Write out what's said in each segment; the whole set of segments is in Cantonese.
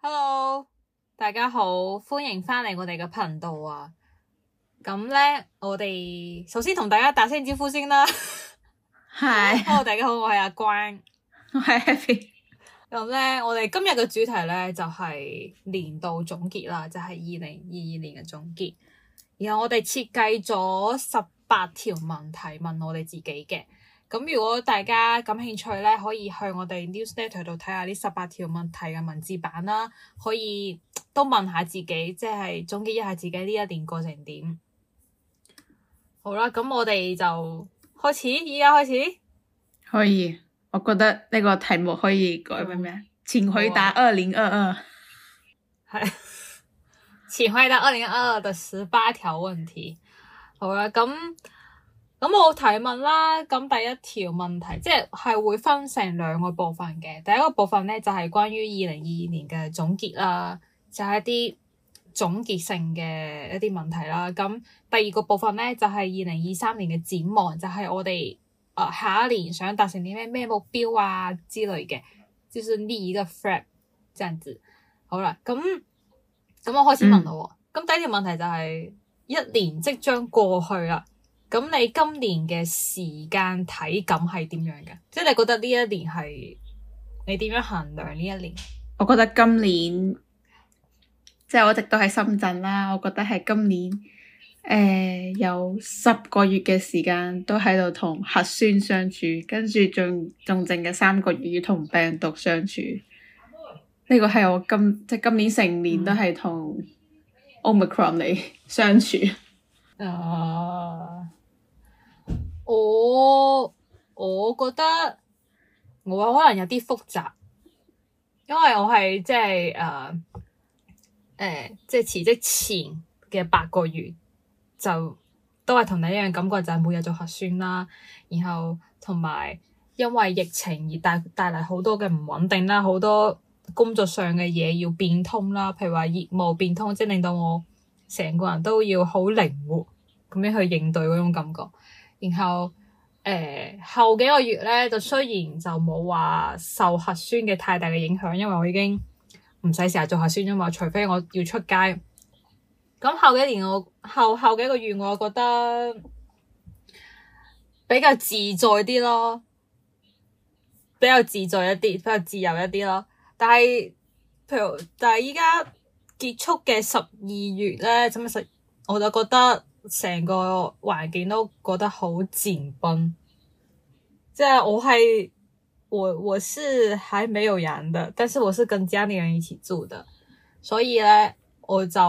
Hello，大家好，歡迎返嚟我哋嘅頻道啊！咁呢，我哋首先同大家打聲招呼先啦。係 Hi. Hello，大家好，我係阿關，我係 Happy。咁呢，我哋今日嘅主題呢，就係年度總結啦，就係二零二二年嘅總結。然後我哋設計咗十八條問題問我哋自己嘅，咁如果大家感興趣咧，可以去我哋 newsletter 度睇下呢十八條問題嘅文字版啦，可以都問下自己，即係總結一下自己呢一年過程點。好啦，咁我哋就開始，依家開始。可以，我覺得呢個題目可以改為咩啊？請、嗯、回答二零二二。嗨、嗯。 請回答二零二二的十八條問題，好啦、啊，咁咁我提問啦，咁第一條問題即係係會分成兩個部分嘅，第一個部分咧就係、是、關於二零二二年嘅總結啦，就係、是、一啲總結性嘅一啲問題啦，咁第二個部分咧就係二零二三年嘅展望，就係、是、我哋誒、呃、下一年想達成啲咩咩目標啊之類嘅，就算呢一個 frame，這樣子，好啦、啊，咁。咁我開始問啦，咁、嗯、第一條問題就係、是、一年即將過去啦，咁你今年嘅時間體感係點樣嘅？即係你覺得呢一年係，你點樣衡量呢一年？我覺得今年即係我一直都喺深圳啦，我覺得係今年誒、呃、有十個月嘅時間都喺度同核酸相處，跟住仲仲剩嘅三個月要同病毒相處。呢個係我今即係今年成年都係同 Omicron 嚟相處。哦，我我覺得我可能有啲複雜，因為我係即係誒誒，即係辭職前嘅八個月就都係同你一樣感覺，就係每日做核酸啦，然後同埋因為疫情而帶帶嚟好多嘅唔穩定啦，好多。工作上嘅嘢要變通啦，譬如話業務變通，即係令到我成個人都要好靈活咁樣去應對嗰種感覺。然後誒、呃、後幾個月咧，就雖然就冇話受核酸嘅太大嘅影響，因為我已經唔使成日做核酸啫嘛，除非我要出街。咁後幾年我後後幾個月，我覺得比較自在啲咯，比較自在一啲，比較自由一啲咯。但係，譬如但係依家結束嘅十二月咧，咁實我就覺得成個環境都覺得好緊繃。即係我係我我是未有陽嘅，但是我是跟家裏人一起住的，所以咧我就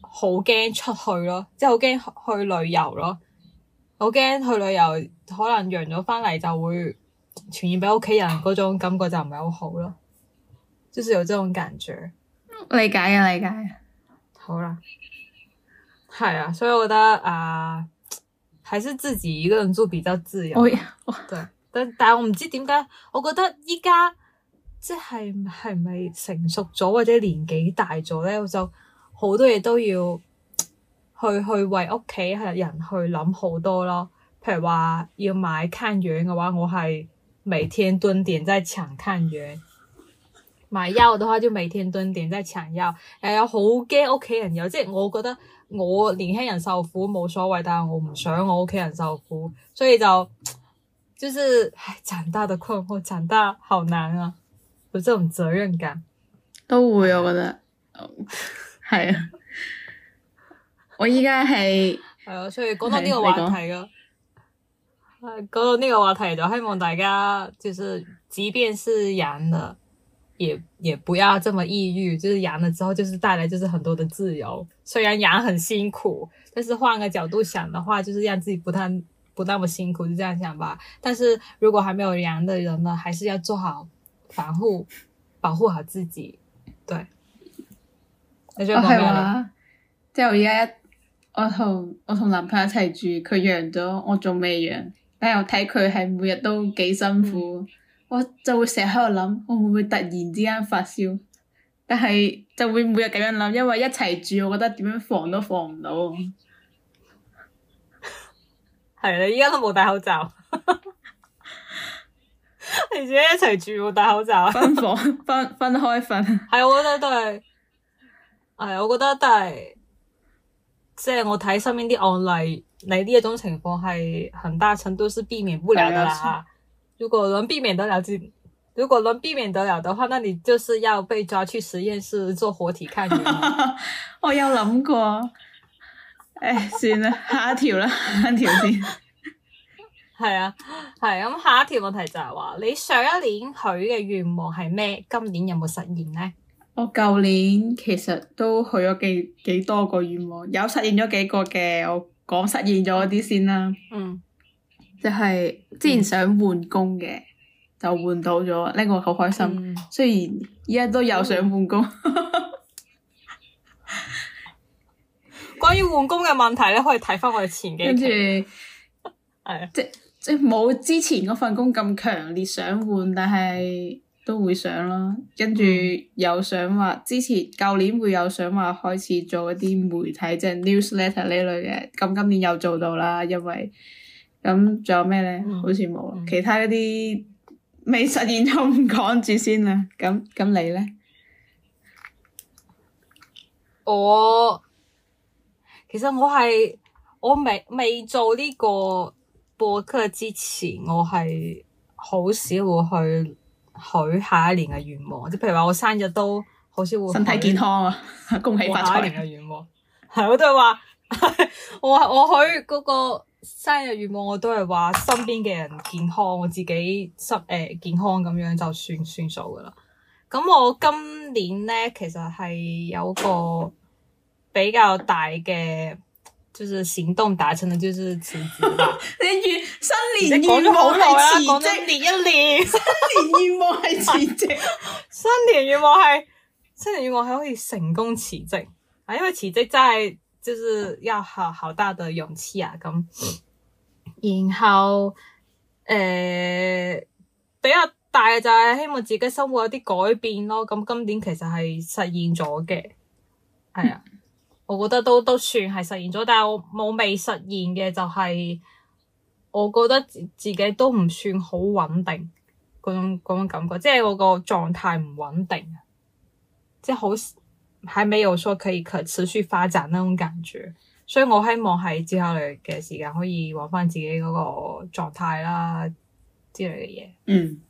好驚出去咯，即係好驚去旅遊咯，好驚去旅遊可能陽咗翻嚟就會傳染俾屋企人，嗰種感覺就唔係好好咯。就是有這種感覺，理解啊理解啊。好啦，係啊，所以我覺得啊、呃，還是自己一個人住比較自由。 對，但但係我唔知點解，我覺得依家即係係咪成熟咗或者年紀大咗咧，我就好多嘢都要去去為屋企係人去諗好多咯。譬如話要買碳源嘅話，我係每天蹲點在搶碳源。買藥嘅話就每天蹲點，再搶藥。有好驚屋企人有，即係我覺得我年輕人受苦冇所謂，但係我唔想我屋企人受苦。所以就就是，唉，長大的困惑，長大好難啊！有這種責任感都會，我覺得係啊、嗯。 我依家係係啊，所以講到呢個話題啊，講到呢個話題就希望大家，就是即便是人嘅。也也不要這麼抑鬱，就是陽了之後就是帶來就是很多的自由，雖然陽很辛苦，但是換個角度想的話，就是讓自己不那不那麼辛苦，就這樣想吧。但是如果還沒有陽的人呢，還是要做好防護，保護好自己。對，那就沒哦、我係、啊、啦。即係我而家一，我同我同男朋友一齊住，佢養咗，我仲未養，但係我睇佢係每日都幾辛苦。嗯我就會成日喺度諗，我會唔會突然之間發燒？但係就會唔會每日咁樣諗，因為一齊住，我覺得點樣防都防唔到。係你依家，都冇戴口罩， 你自己一齊住冇戴口罩，分房分分開瞓。係我覺得都係，誒，我覺得都係，即係我睇，就是，身邊啲案例，你呢一種情況係很大程度是避免不了噶啦。如果能避免得了，如果能避免得了的話，那你就是要被抓去實驗室做活體抗原。 我有諗過，誒、 哎，算啦，下一條啦， 下一條先 。係啊，係咁、嗯，下一條問題就係話，你上一年許嘅願望係咩？今年有冇實現咧？我舊年其實都許咗幾幾多個願望，有實現咗幾個嘅，我講實現咗啲先啦。嗯。就係之前想換工嘅，嗯、就換到咗，呢個好開心。嗯、雖然依家都有想換工、嗯， 關於換工嘅問題咧，可以睇翻我哋前幾期，跟住係即即冇之前嗰份工咁強烈想換，但係都會想咯。跟住又想話之前舊年會有想話開始做一啲媒體，即係 newsletter 呢類嘅，咁今年又做到啦，因為。咁仲有咩咧？嗯、好似冇、嗯、其他一啲未實現就唔講住先啦。咁咁你咧？我其實我係我未未做呢個播客之前，我係好少會去許下一年嘅願望，即、係、譬如話我生日都好少會身體健康啊，恭喜發財嘅願望係 我都係話我我許嗰個。生日願望我都係話身邊嘅人健康，我自己身誒、欸、健康咁樣就算算數噶啦。咁我今年咧，其實係有個比較大嘅，就是行動達成嘅，就是辭職啦。你願 新年願望係辭職，年一年新年願望係辭職，新年願望係新年願望係可以成功辭職啊！因為辭職真係。即係要好好大嘅勇氣啊咁，然後誒、呃、比較大嘅就係希望自己生活有啲改變咯。咁今年其實係實現咗嘅，係啊、嗯，我覺得都都算係實現咗。但係我冇未實現嘅就係，我覺得自己都唔算好穩定嗰種嗰種感覺，即係我個狀態唔穩定，即係好。還沒有說可以可持續發展那種感覺，所以我希望喺接下來嘅時間可以往翻自己嗰個狀態啦之類嘅嘢。嗯，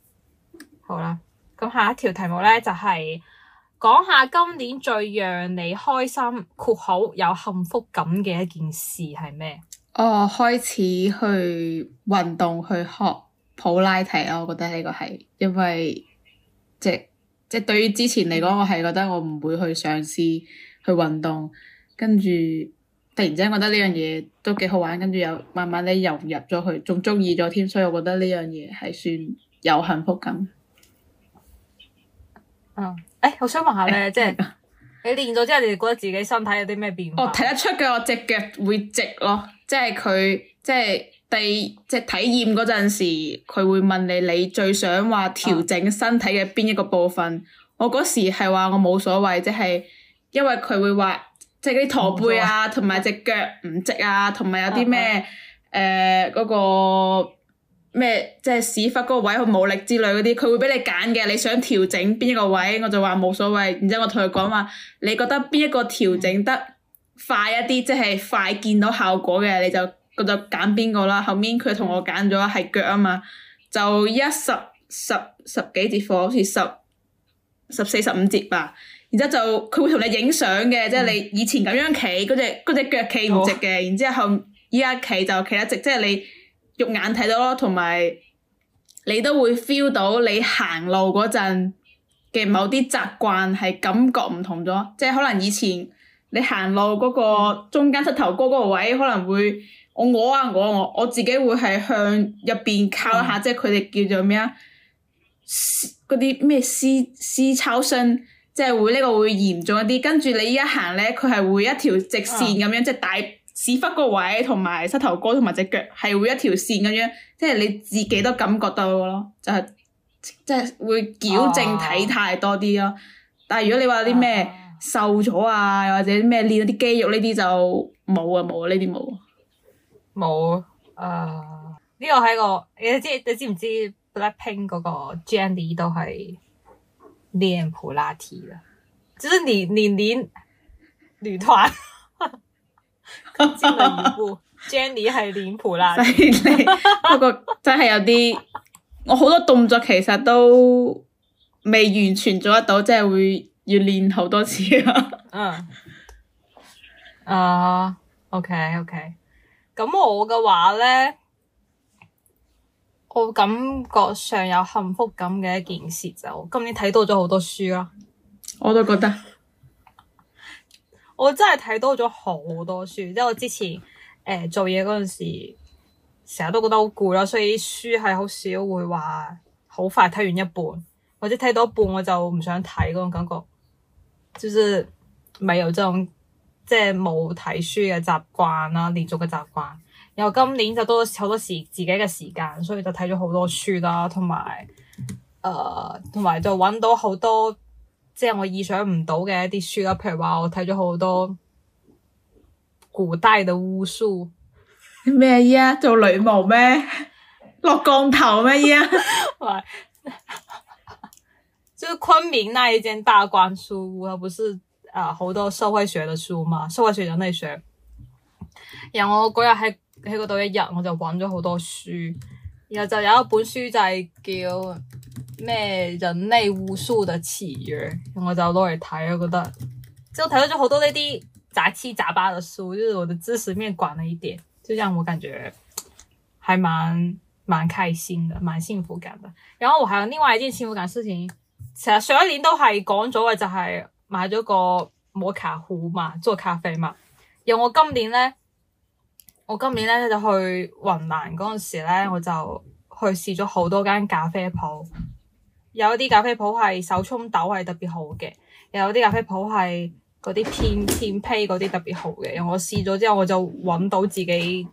好啦，咁下一條題目呢，就係講下今年最讓你開心括號有幸福感嘅一件事係咩？哦，開始去運動去學普拉提啦，我覺得呢個係因為即即係對於之前嚟講，我係覺得我唔會去嘗試去運動，跟住突然之間覺得呢樣嘢都幾好玩，跟住又慢慢咧又入咗去，仲中意咗添，所以我覺得呢樣嘢係算有幸福感。嗯，誒、欸，我想問下咧，即係你練咗之後，你哋覺得自己身體有啲咩變化？哦，我睇得出嘅，我隻腳會直咯，即係佢即係。你即係體驗嗰陣時，佢會問你你最想話調整身體嘅邊一個部分？啊、我嗰時係話我冇所謂，即係因為佢會話即係啲駝背啊，同埋錯隻腳唔直啊，同埋有啲咩誒嗰個咩即係屎忽嗰個位冇力之類嗰啲，佢會俾你揀嘅，你想調整邊一個位？我就話冇所謂，然之後我同佢講話，嗯、你覺得邊一個調整得快一啲，即係、嗯、快見到效果嘅，你就。個就揀邊個啦，後面佢同我揀咗係腳啊嘛，就一十十十幾節課，好似十十四十五節吧。然之後就佢會同你影相嘅，嗯、即係你以前咁樣企嗰隻隻腳企唔直嘅，好然之後依家企就企得直，即係你肉眼睇到咯，同埋你都會 feel 到你行路嗰陣嘅某啲習慣係感覺唔同咗，即係可能以前你行路嗰個中間膝頭哥嗰個位可能會～我我啊我我、啊、我自己會係向入邊靠一下，嗯、即係佢哋叫做咩啊？嗰啲咩私私抄身，即係會呢個會嚴重一啲。跟住你一行咧，佢係會一條直線咁樣，嗯、樣，即係大屎忽個位同埋膝頭哥同埋隻腳係會一條線咁樣，即係你自己都感覺到咯、嗯就係，就係即係會矯正體態多啲咯。啊、但係如果你話啲咩瘦咗啊，或者咩練啲肌肉呢啲就冇啊冇啊呢啲冇。冇啊，呢、呃這個係個你知你知唔知 Blackpink 嗰個 Jennie 都係練普拉提啊？即、就是你你練女團更進了一，Jennie 係練普拉提，不過真係有啲我好多動作其實都未完全做得到，即、就、係、是、會要練好多次啊。 嗯啊、uh,，OK OK。咁我嘅話咧，我感覺上有幸福感嘅一件事就今年睇多咗好多書咯。我都覺得，我真係睇多咗好多書。即係我之前誒做嘢嗰陣時，成日都覺得好攰咯，所以書係好少會話好快睇完一半，或者睇到一半我就唔想睇嗰種感覺，就是咪有種。即係冇睇書嘅習慣啦，連續嘅習慣。然後今年就多好多時自己嘅時間，所以就睇咗好多書啦，同埋，誒、呃，同埋就揾到好多，即係我意想唔到嘅一啲書啦。譬如話我睇咗好多古代嘅巫術，咩嘢啊？做女巫咩？ 落降頭咩嘢啊？喂，即係就昆明那一間大觀書屋，唔係？啊，好多社會學嘅書嘛，社會學人類學。然後我嗰日喺喺嗰度一日，我就揾咗好多書，然後就有一本書就係叫咩人類無數的起源，我就攞嚟睇我覺得即係睇到咗好多呢啲雜七雜八嘅書，就是我的知識面廣咗一點，就讓我感覺，還蠻蠻開心嘅，蠻幸福感嘅。然後我還有另外一件幸福感事情，其實上一年都係講咗嘅、就是，就係。買咗個摩卡壺嘛，做咖啡嘛。然後我今年咧，我今年咧就去雲南嗰陣時咧，我就去試咗好多間咖啡鋪。有啲咖啡鋪係手沖豆係特別好嘅，有啲咖啡鋪係嗰啲片片胚嗰啲特別好嘅。然後我試咗之後，我就揾到自己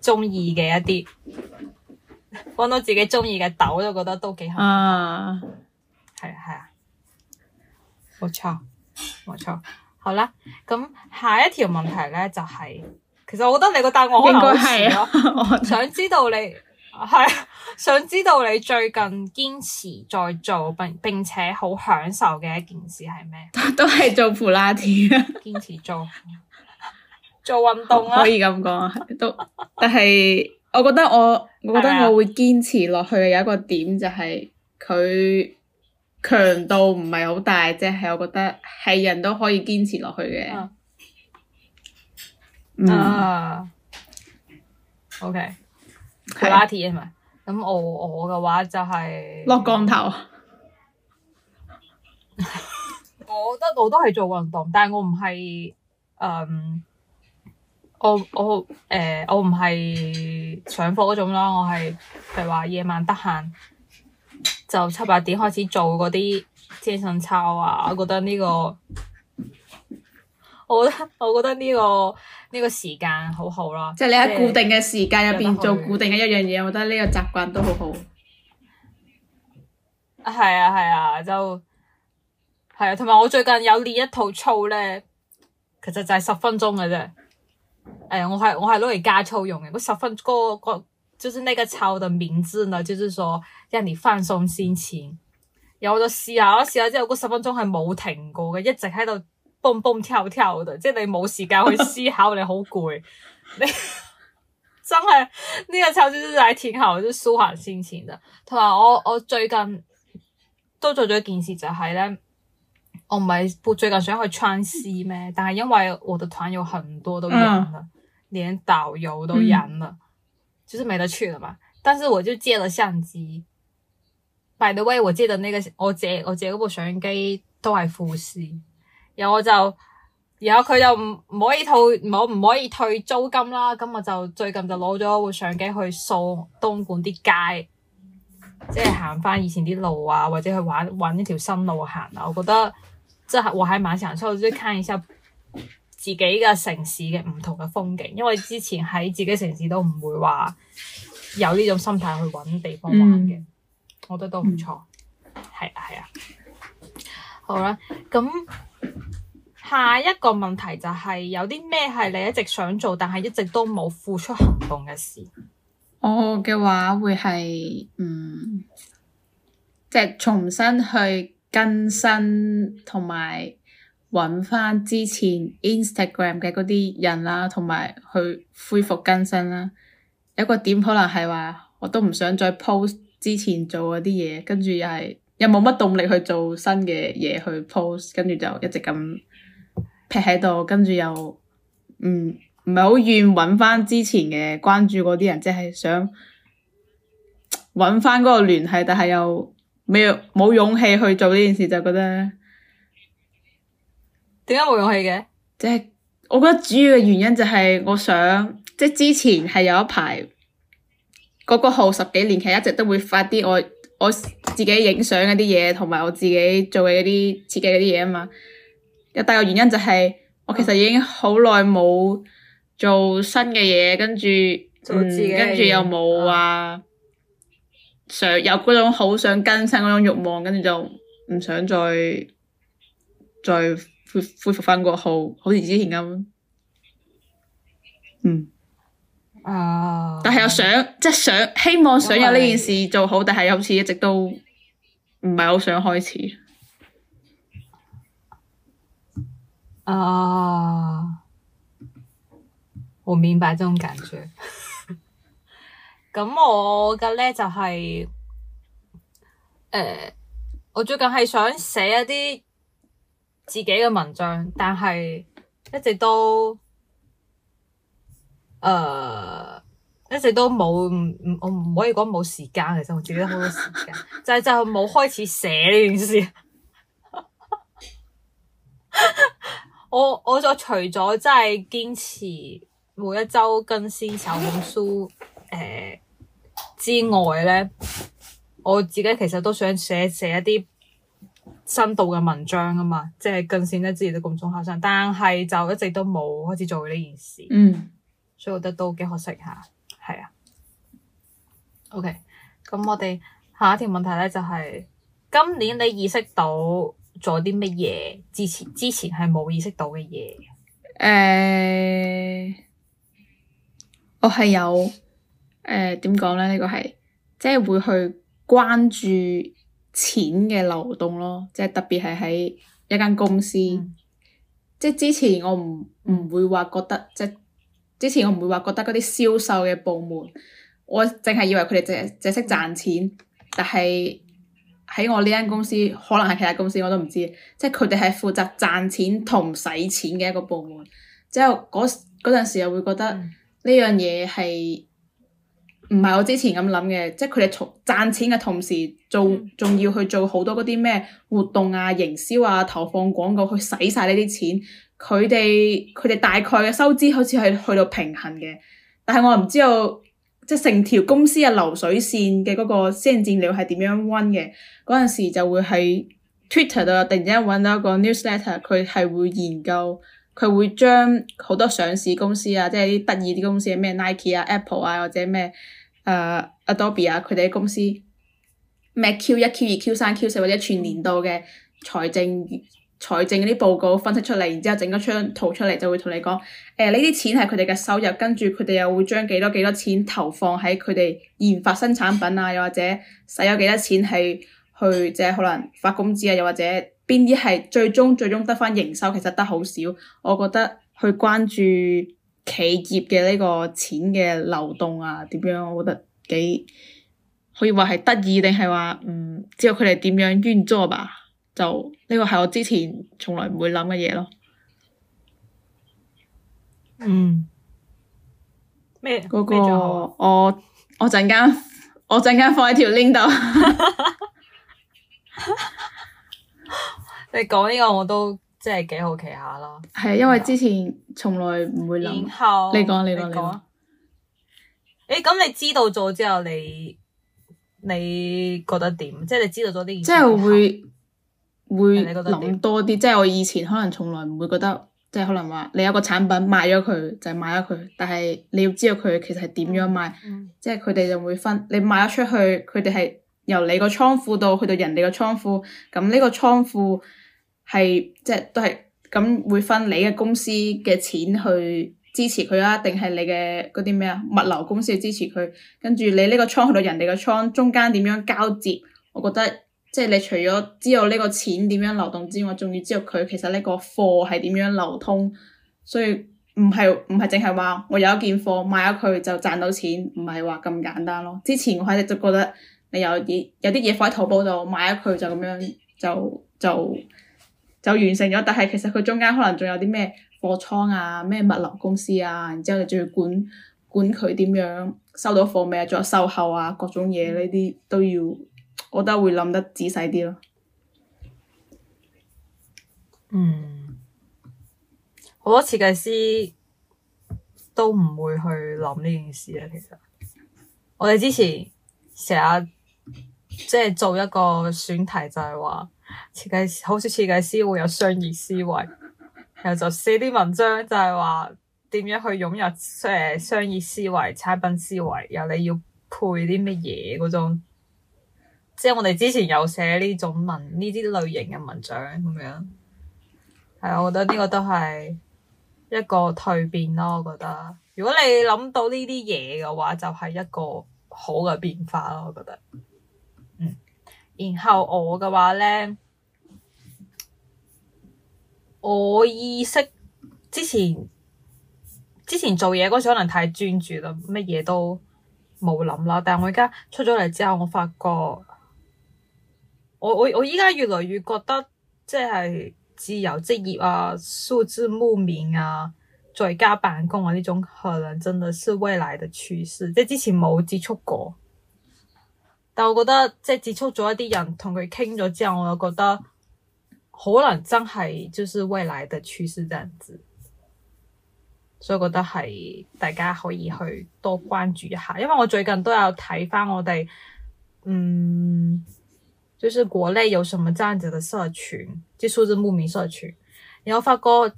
中意嘅一啲，揾到自己中意嘅豆，就覺得都幾好。啊，係啊係啊。冇錯，冇錯，好啦，咁下一條問題咧就係、是，其實我覺得你個答案應該係咯，想知道你係， 想知道你最近堅持在做並並且好享受嘅一件事係咩？都係做普拉提啊，堅持做 做運動啊，可以咁講啊，都，但係我覺得我我覺得我會堅持落去嘅有一個點就係佢。強度唔係好大，即係我覺得係人都可以堅持落去嘅。啊、嗯 uh，OK，拉鐵係咪？咁 是我我嘅話就係、是、落降頭。我覺得我都係做運動，但係我唔係誒，我我誒、呃、我唔係上課嗰種咯，我係譬如話夜晚得閒。就七八點開始做嗰啲健身操啊！我覺得呢、呢個，我覺得我覺得呢個呢、呢個時間好好咯，即係你喺固定嘅時間入邊、嗯、做固定嘅一樣嘢，我覺得呢個習慣都好好。啊，係啊，係啊，就係啊，同埋我最近有練一套操咧，其實就係十分鐘嘅啫。誒、欸，我係我係攞嚟加操用嘅，十分、嗰個、嗰個就是那個操的名字呢，就是說讓你放鬆心情。有我就試下，我試下之後嗰、那個、十分鐘係冇停過嘅，一直喺度蹦蹦跳跳嘅，即係你冇時間去思考， 你好攰，你 真係呢、那個操就真係挺好，就舒緩心情嘅。同埋我我最近都做咗一件事，就係咧，我唔係最近想去川西咩，但係因為我的團友很多都染了，嗯、連導遊都染了。嗯就是沒得去了嘛，但是我就借咗相機，by the way 我借咗那個我借我借部相機都係富士，然後我就然後佢就唔唔可以退唔可唔可以退租金啦，咁我就最近就攞咗部相機去掃東莞啲街，即係行翻以前啲路啊，或者去玩玩呢條新路行啊，我覺得即係我喺晚上出去即係看一下。自己嘅城市嘅唔同嘅風景，因為之前喺自己城市都唔會話有呢種心態去揾地方玩嘅，嗯、我覺得都唔錯。係、嗯、啊，係啊。好啦，咁下一個問題就係、是、有啲咩係你一直想做，但係一直都冇付出行動嘅事。我嘅話會係，嗯，即、就、係、是、重新去更新同埋，.揾翻之前 Instagram 嘅嗰啲人啦，同埋去恢復更新啦。有個點可能係話我都唔想再 post 之前做嗰啲嘢，跟住又係又冇乜動力去做新嘅嘢去 post，跟住就一直咁劈喺度，跟住又唔唔係好願揾翻之前嘅關注過啲人，即係想揾翻嗰個聯繫，但係又冇冇勇氣去做呢件事，就覺得。點解我又係嘅？即係我覺得主要嘅原因就係我想，即係之前係有一排嗰個號十幾年，其實一直都會發啲我我自己影相嗰啲嘢，同埋我自己做嘅嗰啲設計嗰啲嘢啊嘛。又第二個原因就係我其實已經好耐冇做新嘅嘢，跟住、嗯、跟住又冇話、啊、想有嗰種好想更新嗰種慾望，跟住就唔想再再。恢復翻個號，好似之前咁，嗯，啊，uh, 但係又想，為即係想希望想有呢件事做好，但係又好似一直都唔係好想開始。啊，uh, 我明白這種感覺。咁 我嘅咧就係、是，誒、呃，我最近係想寫一啲。自己嘅文章，但係一直都，誒、呃，一直都冇，唔唔，我唔可以講冇時間，其實我自己都好多時間，就係、是、就冇、是、開始寫呢件事。 我我就除咗真係堅持每一周更新小紅書誒、呃、之外咧，我自己其實都想寫寫一啲。深度嘅文章啊嘛，即係更善啲支持到咁多考生，但係就一直都冇開始做呢件事，嗯，所以我覺得都幾可惜吓，係啊。O K，咁我哋下一條問題咧就係、是、今年你意識到做啲乜嘢？之前之前係冇意識到嘅嘢。誒、uh,，我係有誒，點講咧？呢個係即係會去關注。錢嘅流動咯，即係特別係喺一間公司，嗯、即係之前我唔唔會話覺得，即係之前我唔會話覺得嗰啲銷售嘅部門，我淨係以為佢哋淨淨識賺錢，但係喺我呢間公司，可能係其他公司我都唔知，即係佢哋係負責賺錢同使錢嘅一個部門，之後嗰嗰陣時又會覺得呢樣嘢係，嗯唔係我之前咁諗嘅，即係佢哋從賺錢嘅同時，仲仲要去做好多嗰啲咩活動啊、營銷啊、投放廣告去使晒呢啲錢，佢哋佢哋大概嘅收支好似係去到平衡嘅。但係我唔知道，即係成條公司嘅流水線嘅嗰個生戰量係點樣温嘅。嗰陣時就會喺 Twitter 度突然之間搵到一個 newsletter，佢係會研究，佢會將好多上市公司啊，即係啲得意啲公司，咩 Nike 啊、Apple 啊或者咩。誒、uh, Adobe 啊，佢哋公司咩 Q 一、Q 二、Q 三、Q 四或者全年度嘅財政財政嗰啲報告分析出嚟，然之後整一張圖出嚟，就會同你講，誒呢啲錢係佢哋嘅收入，跟住佢哋又會將幾多幾多錢投放喺佢哋研發新產品啊，又或者使咗幾多錢係去即係可能發工資啊，又或者邊啲係最終最終得返營收，其實得好少。我覺得去關注企業嘅呢個錢嘅流動啊，點樣？我覺得幾可以話係得意，定係話嗯，知道佢哋點樣運作吧？就呢個係我之前從來唔會諗嘅嘢咯。嗯，咩、嗯？嗰麼、嗰個我我陣間我陣間放喺條 link 度。 你講呢個我都。即係幾好奇下咯，係啊，因為之前從來唔會諗。然後你講你講你講。誒，咁你知道咗之後你，你你覺得點？即係你知道咗啲，嘢。即係會會諗多啲。即係我以前可能從來唔會覺得，嗯、即係可能話你有個產品賣咗佢就係賣咗佢，但係你要知道佢其實係點樣賣。嗯嗯、即係佢哋就會分你賣咗出去，佢哋係由你個倉庫度去到人哋個倉庫，咁呢個倉庫。係即係都係咁會分你嘅公司嘅錢去支持佢啊，定係你嘅嗰啲咩啊物流公司去支持佢，跟住你呢個倉去到人哋嘅倉中間點樣交接？我覺得即係你除咗知道呢個錢點樣流動之外，仲要知道佢其實呢個貨係點樣流通，所以唔係唔係淨係話我有一件貨買咗佢就賺到錢，唔係話咁簡單咯。之前我係一直都覺得你有啲有啲嘢貨喺淘寶度買咗佢就咁樣就就，就就完成咗，但係其實佢中間可能仲有啲咩貨倉啊、咩物流公司啊，然之後你仲要管管佢點樣收到貨未啊，仲有售後啊，各種嘢呢啲都要，我覺得會諗得仔細啲咯。嗯，好多設計師都唔會去諗呢件事啊。其實我哋之前成日即係做一個選題就，就係話。設計師，好少，設計師會有商業思維，然後就寫啲文章就，就係話點樣去融入、呃、商業思維、產品思維，然你要配啲乜嘢嗰種，即係我哋之前有寫呢種文呢啲類型嘅文章咁樣，係啊嗎，我覺得呢個都係一個蛻變咯，我覺得如果你諗到呢啲嘢嘅話，就係一個好嘅變化咯，我覺得。然後我嘅話咧，我意識之前之前做嘢嗰時可能太專注啦，乜嘢都冇諗啦。但係我而家出咗嚟之後，我發覺我我我而家越嚟越覺得即係自由職業啊、數字遊民啊、在家辦公啊呢種可能真的是未來的趨勢。即之前冇接觸過。但我覺得即係接觸咗一啲人，同佢傾咗之後，我又覺得可能真係就是未來的趨勢這樣子，所以覺得係大家可以去多關注一下。因為我最近都有睇翻我哋，嗯，就是國內有什麼這樣子的社群，即係數字牧民社群，然後發覺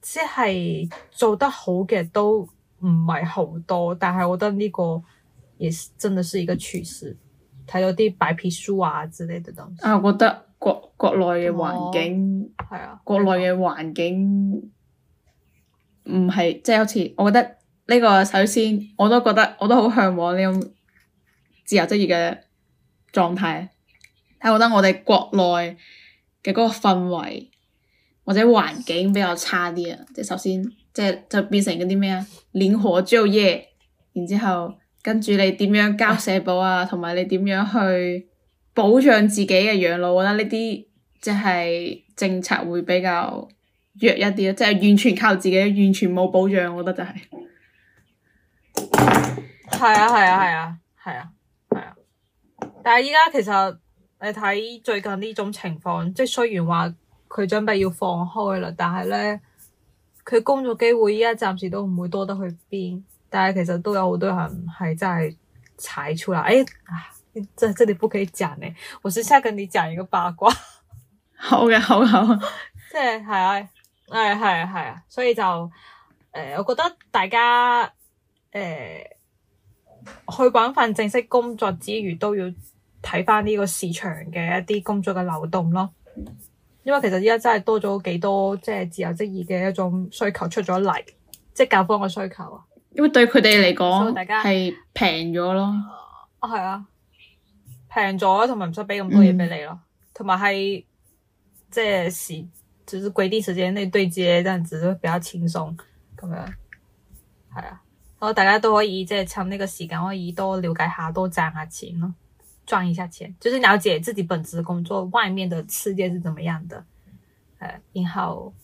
即係做得好嘅都唔係好多，但係我覺得呢個。也是，真的是一個趨勢。睇咗啲白皮書啊，之類嘅東西。啊，我覺得國國內嘅環境係啊，國內嘅環境唔係即係好似，我覺得呢個首先我都覺得我都好向往呢種自由職業嘅狀態。但係，我覺得我哋國內嘅嗰個氛圍或者環境比較差啲啊，即係首先即係就變成嗰啲咩啊，靈活就業，然之後。跟住你點樣交社保啊，同埋你點樣去保障自己嘅養老？我覺得呢啲即係政策會比較弱一啲咯，即係完全靠自己，完全冇保障。我覺得就係。係 啊，係啊，係啊，係啊，係啊。但係依家其實你睇最近呢種情況，即係雖然話佢準備要放開啦，但係呢，佢工作機會依家暫時都唔會多得去邊。但係其實都有好多人係真係踩出來。誒、哎、啊，這這裏不可以講誒，我先私下跟你講一個八卦。好嘅，好嘅，好 即係係啊，誒係啊係啊，所以就誒、呃，我覺得大家誒、呃、去搵份正式工作之餘，都要睇翻呢個市場嘅一啲工作嘅流動咯。因為其實而家真係多咗幾多即係自由職業嘅一種需求出咗嚟，即係教方嘅需求啊。因為對佢哋嚟講，大家係平咗咯，係、哦、啊，平咗，同埋唔使俾咁多嘢俾你咯，同埋係即係是，就是規定、就是、時間內對接這，這樣子都比較輕鬆咁樣，係啊，然大家都可以即在、就是、趁呢個時間，可以多了解下，多賺下錢咯，賺一下錢，就是了解自己本職工作外面的世界是怎麼樣的，啊、然後，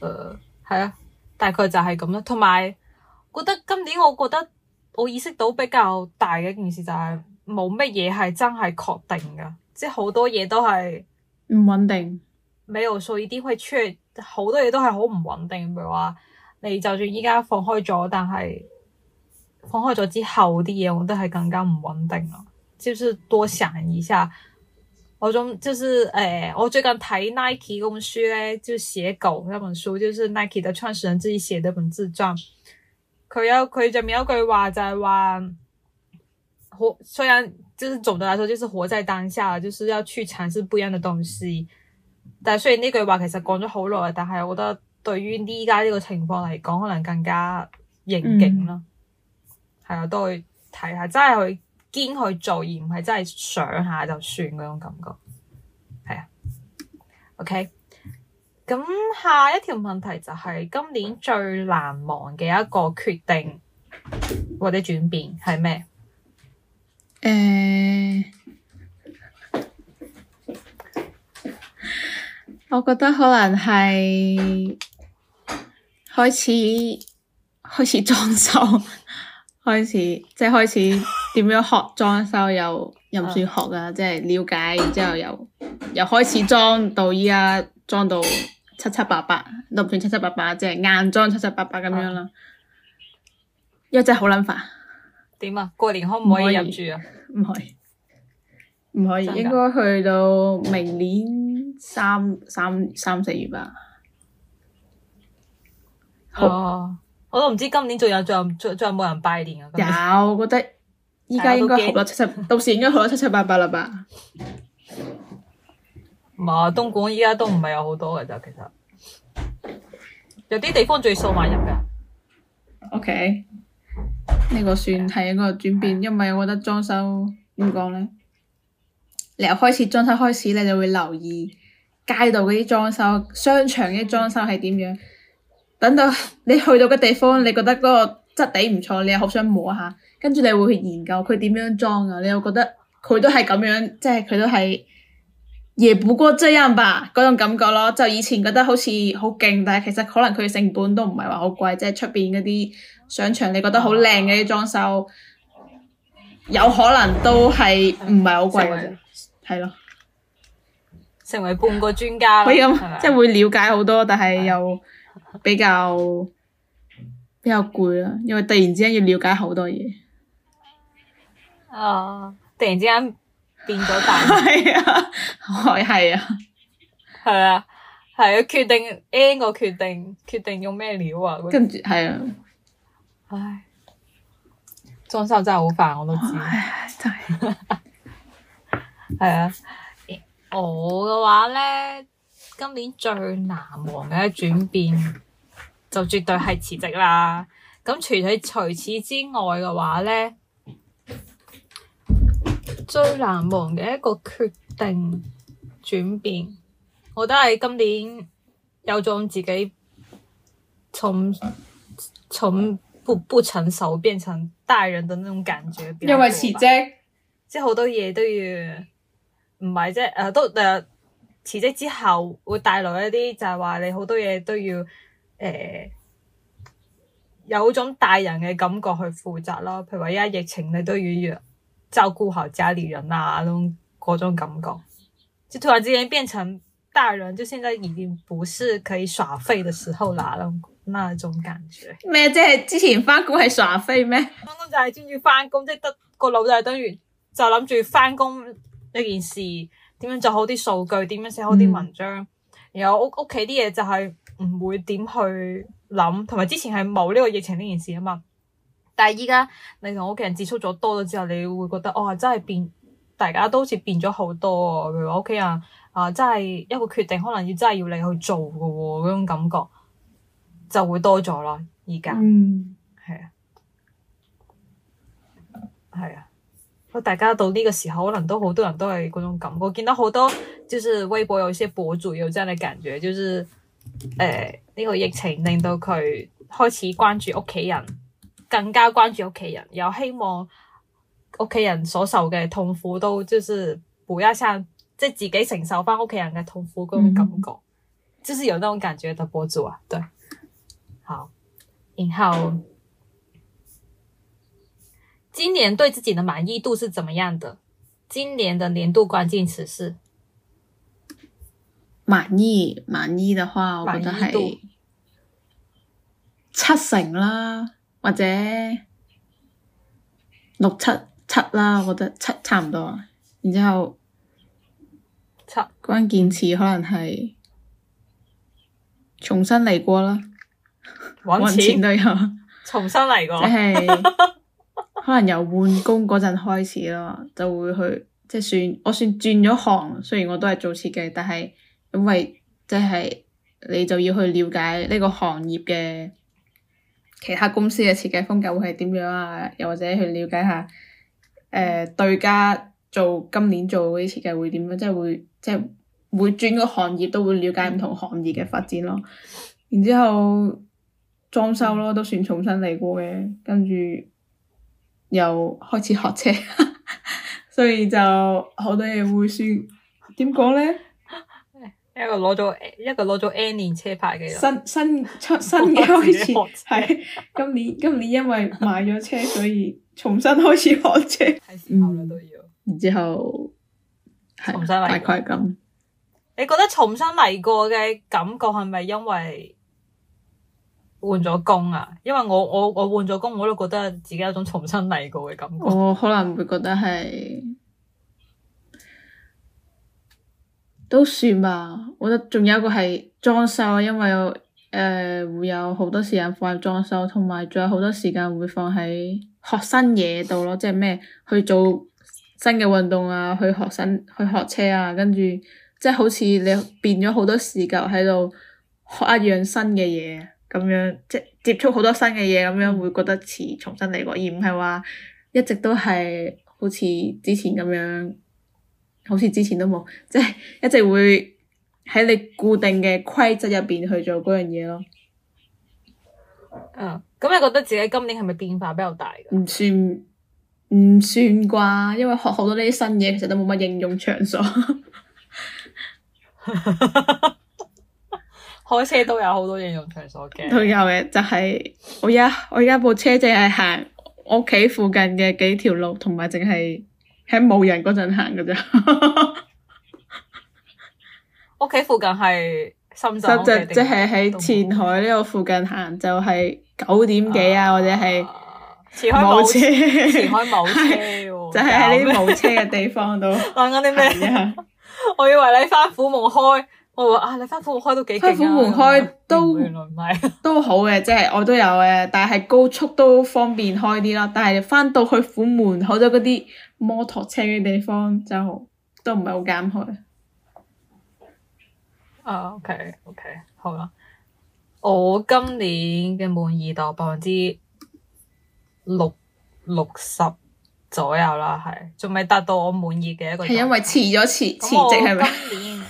誒、呃，係啊，大概就係咁咯，同埋。覺得今年我覺得我意識到比較大嘅一件事就係冇乜嘢係真係確定嘅，即係好多嘢都係唔穩定，美歐所以啲嘢出嚟好多嘢都係好唔穩定，譬如話你就算依家放開咗，但係放開咗之後啲嘢我覺得係更加唔穩定咯。就是，多想一下我仲，就是誒、呃，我最近睇 Nike 本書咧就寫狗那本書，就是 Nike 嘅創始人自己寫嘅本自傳。佢有，佢入面有句話就係話，活，雖然就是總的來說就是活在當下，就是要去嘗試不一樣的東西。但雖然呢句話其實講咗好耐，但係我覺得對於呢家呢個情況嚟講，可能更加應景咯。係啊、嗯，都會睇下真係去堅去做，而唔係真係想下就算嗰種感覺。係啊，OK。咁下一條問題就係今年最難忘嘅一個決定或者轉變係咩？誒、欸，我覺得可能係開始開始裝修，開始即係、就是、開始點樣學裝修又，又又唔算學㗎，即、就、係、是、了解，然之後又又開始裝到而家，裝到。七七八八，六斷七七八八，即係硬裝七七八八咁樣啦。因為真係好捻煩。點啊？過年可唔可以入住啊？唔可以，唔可以，應該去到明年三三三四月吧。哦，我都唔知今年仲有仲有仲有冇人拜年啊？有，我覺得依家應該好啦七七， 到時應該好啦七七八八了吧。 唔啊，東莞依家都唔係有好多嘅咋。其實有啲地方仲要數萬人噶。O K，呢個算係一個轉變，因為我覺得裝修點講咧，你由開始裝修開始，你就會留意街道嗰啲裝修、商場嗰啲裝修係點樣。等到你去到嘅地方，你覺得嗰個質地唔錯，你又好想摸下，跟住你會去研究佢點樣裝噶。你又覺得佢都係咁樣，即係佢都係。也不過這樣吧，嗰種感覺咯，就以前覺得好似好勁，但係其實可能佢嘅成本都唔係話好貴，即係出邊嗰啲商場你覺得好靚嘅啲裝修，有可能都係唔係好貴嘅，啫係為咯，成為半個專家，吧即係會了解好多，但係又比較的比較攰啦，因為突然之間要了解好多嘢，哦、啊，突然之間。變咗大系 啊，係啊，係啊，係決定 N 個 決定，決定用咩料啊？跟住係啊，唉，裝修真係好煩，我都知。係、哎、 啊，欸、我嘅話咧，今年最難忘嘅一轉變就絕對係辭職啦。咁除咗除此之外嘅話咧。最難忘嘅一個決定轉變，我都係今年有種自己從從不不成熟變成大人嘅呢種感覺。因為辭職，即係好多嘢都要唔係啫，誒、呃、都誒辭職之後會帶來一啲就係話你好多嘢都要誒、呃、有種大人嘅感覺去負責咯。譬如話而家疫情，你都要。照顧好家裏人啊，嗰種種感覺，就突然之間變成大人，就現在已經不是可以耍廢的時候啦，那那種感覺咩？即係之前翻工係耍廢咩？翻工就係專注翻工，即係得個腦就係，等於就諗住翻工呢件事，點樣做好啲數據，點樣寫好啲文章，嗯、然後屋屋企啲嘢就係唔會點去諗，同埋之前係冇呢個疫情呢件事啊嘛。但係依家你同屋企人接觸咗多咗之後，你會覺得哇、哦，真係變，大家都好似變咗好多啊、哦！譬如話屋企人啊、呃，真係一個決定，可能真要真係要你去做嘅喎、哦，嗰種感覺就會多咗啦。依家嗯，係啊，係啊，大家到呢個時候，可能都好多人都係嗰種感覺，見到好多，就是微博有些博主有這樣的感覺，就是誒，呢、呃這個疫情令到佢開始關注屋企人。更加關注屋企人，有希望屋企人所受嘅痛苦都就是不要像即係自己承受翻屋企人嘅痛苦嗰種感覺，咁唔咁唔講，就是有那種感覺的博主啊。對，好，然後，今年對自己的滿意度是怎麼樣的？今年的年度關鍵詞是滿意，滿意的話，我覺得係七成啦。或者六七七啦，我覺得七差唔多。然之後七關鍵詞可能係重新嚟過啦，揾錢， 錢都有。重新嚟過，即係是 可能由換工嗰陣開始咯，就會去即係算我算轉咗行。雖然我都係做設計，但係因為即係你就要去了解呢個行業嘅。其他公司嘅設計風格會係點樣啊？又或者去了解下，誒、呃、對家做今年做嗰啲設計會點樣？即係會即係會轉個行業都會了解唔同行業嘅發展咯。然之後裝修咯，都算重新嚟過嘅。跟住又開始學車， 所以就好多嘢會算。點講咧？一個攞咗一個攞咗 N 年車牌嘅新新出新 開始係 今年今年因為買咗車所以重新開始，開始學車，係時候啦都要。然之後係嚟、嗯、大概係咁。你覺得重新嚟過嘅感覺係咪因為換咗工啊？因為我我我換咗工，我都覺得自己有種重新嚟過嘅感覺。我可能會覺得係。都算吧，我覺得仲有一個係裝修，因為誒、呃、會有好多時間放喺裝修，同埋仲有好多時間會放喺學新嘢度咯，即係咩去做新嘅運動啊，去學新去學車啊，跟住即係好似你變咗好多時間喺度學一樣新嘅嘢咁樣，即係接觸好多新嘅嘢，咁樣會覺得似重新嚟過，而唔係話一直都係好似之前咁樣。好似之前都冇，即係一直會喺你固定嘅規則入邊去做嗰樣嘢咯。嗯，咁你覺得自己今年係咪變化比較大？唔算，唔算啩？因為學好多呢啲新嘢，其實都冇乜應用場所。開 車都有好多應用場所嘅，都有嘅，就係、是，我而我而家部車淨係行我屋企附近嘅幾條路，同埋淨係。喺冇人嗰陣行嘅，咋屋企附近係深圳，深圳即係喺前海呢個附近行就係九點幾啊，啊、或者係前海冇車某，前海冇車、哦， 就係呢啲冇車嘅地方度玩緊啲咩？我以為你翻虎門開，我話啊，你翻虎門開都幾勁啊！虎門開都原來唔係，都好嘅，即係我都有嘅，但係高速都方便開啲啦。但係翻到去虎門好多嗰啲。摩托車嘅地方就都唔係、uh, okay, okay, 好敢去。啊，OK，OK，好啦。我今年嘅滿意度百分之六六十左右啦，係仲未達到我滿意嘅一個程度。係因為遲咗遲辭職係咪？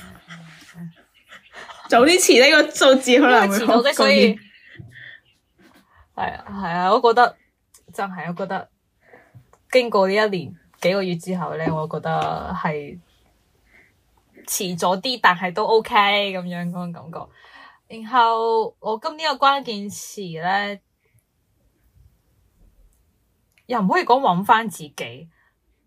早啲辭呢個數字可能會高啲所以，係啊係啊，我覺得真係，我覺得經過呢一年。幾個月之後咧，我覺得係遲咗啲，但係都 OK 咁樣嗰種感覺。然後我今呢個關鍵詞咧，又唔可以講搵翻自己，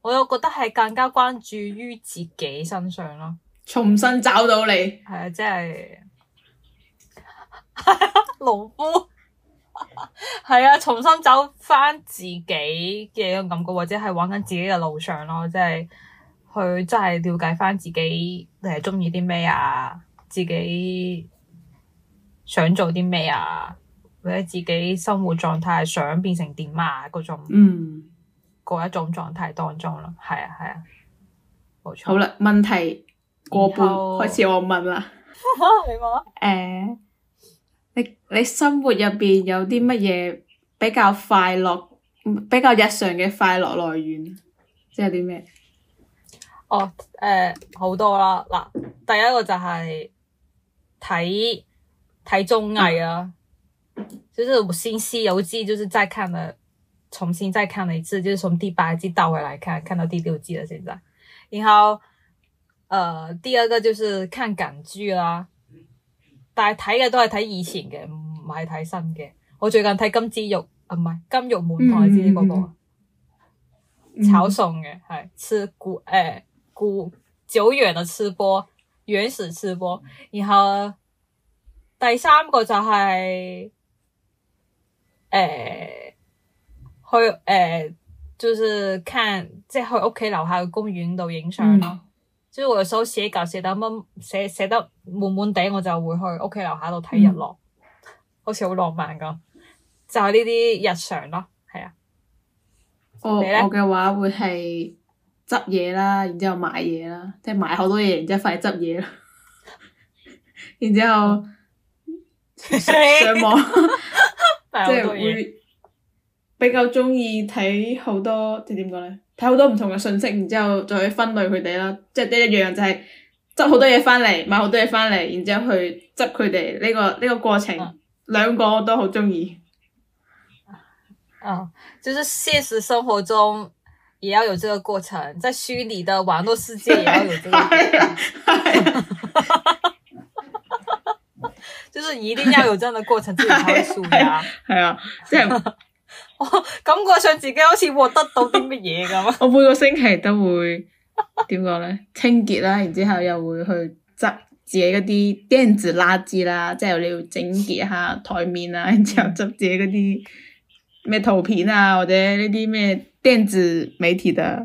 我又覺得係更加關注於自己身上咯，重新找到你，係啊，即係農夫。係 啊，重新走翻自己嘅感覺，或者係玩緊自己嘅路上咯，即係去真係了解翻自己，你係中意啲咩啊？自己想做啲咩啊？或者自己生活狀態想變成點、嗯、啊？嗰種嗯，嗰一種狀態當中咯，係啊，係啊，冇錯。好啦，問題過半，後開始我問啦， 你話看誒？Uh, 你你生活入邊有啲乜嘢比較快樂，比較日常嘅快樂來源，即係啲咩？哦，誒、呃，好多啦，嗱，第一個就係睇睇綜藝啦，啊嗯、就是新西遊記，就是再看了，重新再看了一次，就是從第八季倒回來看，看到第六季啦，現在然後，誒、呃，第二個就是看港劇啦。但係睇嘅都係睇以前嘅，唔係睇新嘅。我最近睇金枝玉，唔、啊、係金玉滿堂知唔知嗰部，嗯嗯、炒餸嘅係吃古，誒、欸、古久遠嘅吃播，原始吃播。然後第三個就係、是、誒、欸、去誒、欸，就是看即係、就是、去屋企樓下嘅公園度影相咯。嗯即係我有時候寫稿寫得乜寫寫得悶悶地，我就會去屋企樓下度睇日落，嗯、好似好浪漫咁。就係呢啲日常咯，係啊。我我嘅話會係執嘢啦，然之後買嘢啦，即係買好多嘢， 然之後快去執嘢啦，然之後上網， 即係會比較中意睇好多，即係點講咧？睇好多唔同嘅信息，然之後再去分類佢哋啦，即係都一樣，就係執好多嘢翻嚟，買好多嘢翻嚟，然之後去執佢哋呢個呢、呢個過程，嗯、兩個我都好中意。嗯，就是現實生活中也要有這個過程，在虛擬的網絡世界也要有這個過程。哈哈哈！哈就是一定要有這樣的過程，係啊，即係。 哦、感覺上自己好似獲得到啲乜嘢咁。我每個星期都會點講咧？清潔啦、啊，然之後又會去執自己嗰啲電子垃圾啦、啊，即係你要整潔下台面啊，然之後執自己嗰啲咩圖片啊，或者呢啲咩電子媒體嘅、啊、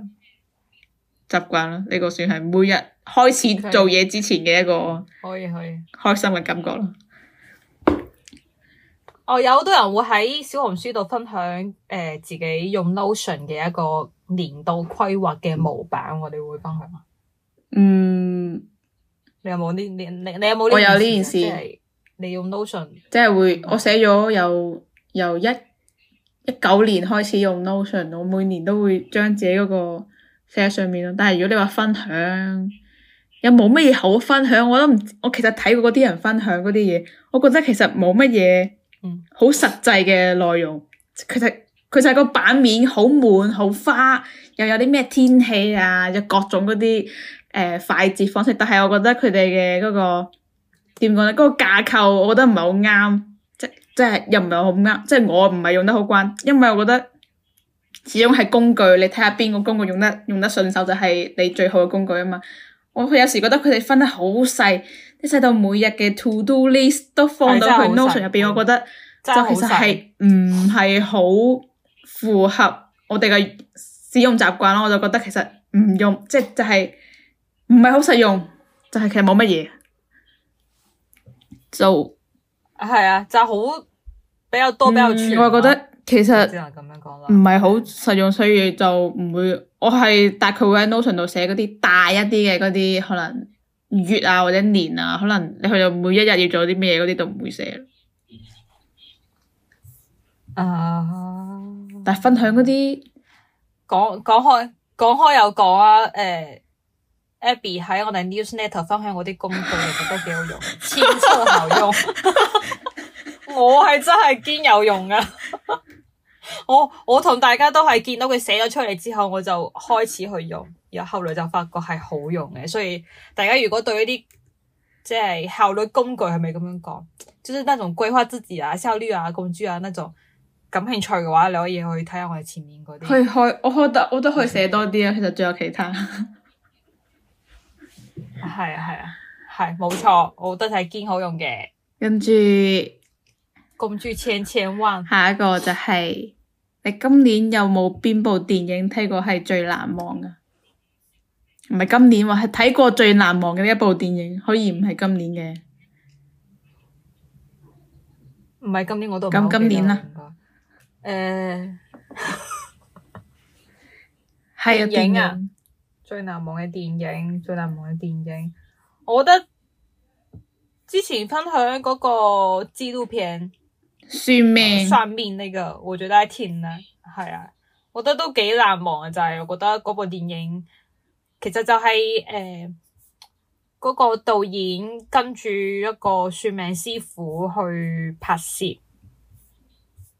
習慣咯、啊。呢、呢個算係每日開始做嘢之前嘅一個可以可以開心嘅感覺咯。哦，有好多人會喺小紅書度分享誒、呃，自己用 Notion 嘅一個年度規劃嘅模板，我哋會分享。嗯，你有冇你你，你有冇呢？你你有冇？我有呢件事，你用 Notion，即係會我寫咗由由一一九年開始用 Notion，我每年都會將自己嗰個寫喺上面咯。但係如果你話分享，有冇乜嘢好分享，我都唔我其實睇過嗰啲人分享嗰啲嘢，我覺得其實冇乜嘢。嗯，好實際嘅內容，其實佢就係、係、個版面好滿好花，又有啲咩天氣啊，又各種嗰啲誒快捷方式。但係我覺得佢哋嘅嗰個點講咧，嗰、嗰個架構，我覺得唔係好啱，即即係又唔係好啱，即係我唔係用得好慣，因為我覺得始終係工具，你睇下邊個工具用得用得順手就係你最好嘅工具啊嘛。我佢有時覺得佢哋分得好細。一細到每日嘅 to do list 都放到佢 Notion 入邊，嗯、我覺得就其實係唔係好符合我哋嘅使用習慣咯。我就覺得其實唔用，即係就係唔係好實用，就係、是、其實冇乜嘢。就、so, 啊係啊，就好、是、比較多比較全、啊。我係覺得其實只能咁樣講啦，唔係好實用，所以就唔會。我係大概會喺 Notion 度寫嗰啲大一啲嘅嗰啲可能。月啊或者年啊，可能你去到每一日要做啲咩嗰啲都唔會寫啦。Uh, 但係分享嗰啲，講講開講開又講啊。誒，呃，Abby 喺我哋 Newsletter 分享啲工具，其實都幾有用，千秋效用。我係真係堅有用啊！我我同大家都係見到佢寫咗出嚟之後，我就開始去用，然後後來就發覺係好用嘅。所以大家如果對一啲即係效率工具係咪咁樣講，就是那種規劃自己啊、效率啊、工具啊那種感興趣嘅話，你可以去睇下我哋前面嗰啲。去開，我覺得我，我都可以寫多啲啊。的其實仲有其他 ，係啊係啊，係冇錯，我覺得係堅好用嘅。跟住工具千千萬，下一個就係、是。你今年有冇邊部電影睇過係最難忘嘅？唔係今年喎，係睇過最難忘嘅一部電影，可以唔係今年嘅？唔係今年我都咁今年啦。誒，係電影啊！最難忘嘅電影，最難忘嘅電影。我覺得之前分享嗰個紀錄片。算命，上面呢，這個，我覺得係甜啊，係啊，我覺得都幾難忘啊，就係，是，我覺得嗰部電影，其實就係誒嗰個導演跟住一個算命師傅去拍攝，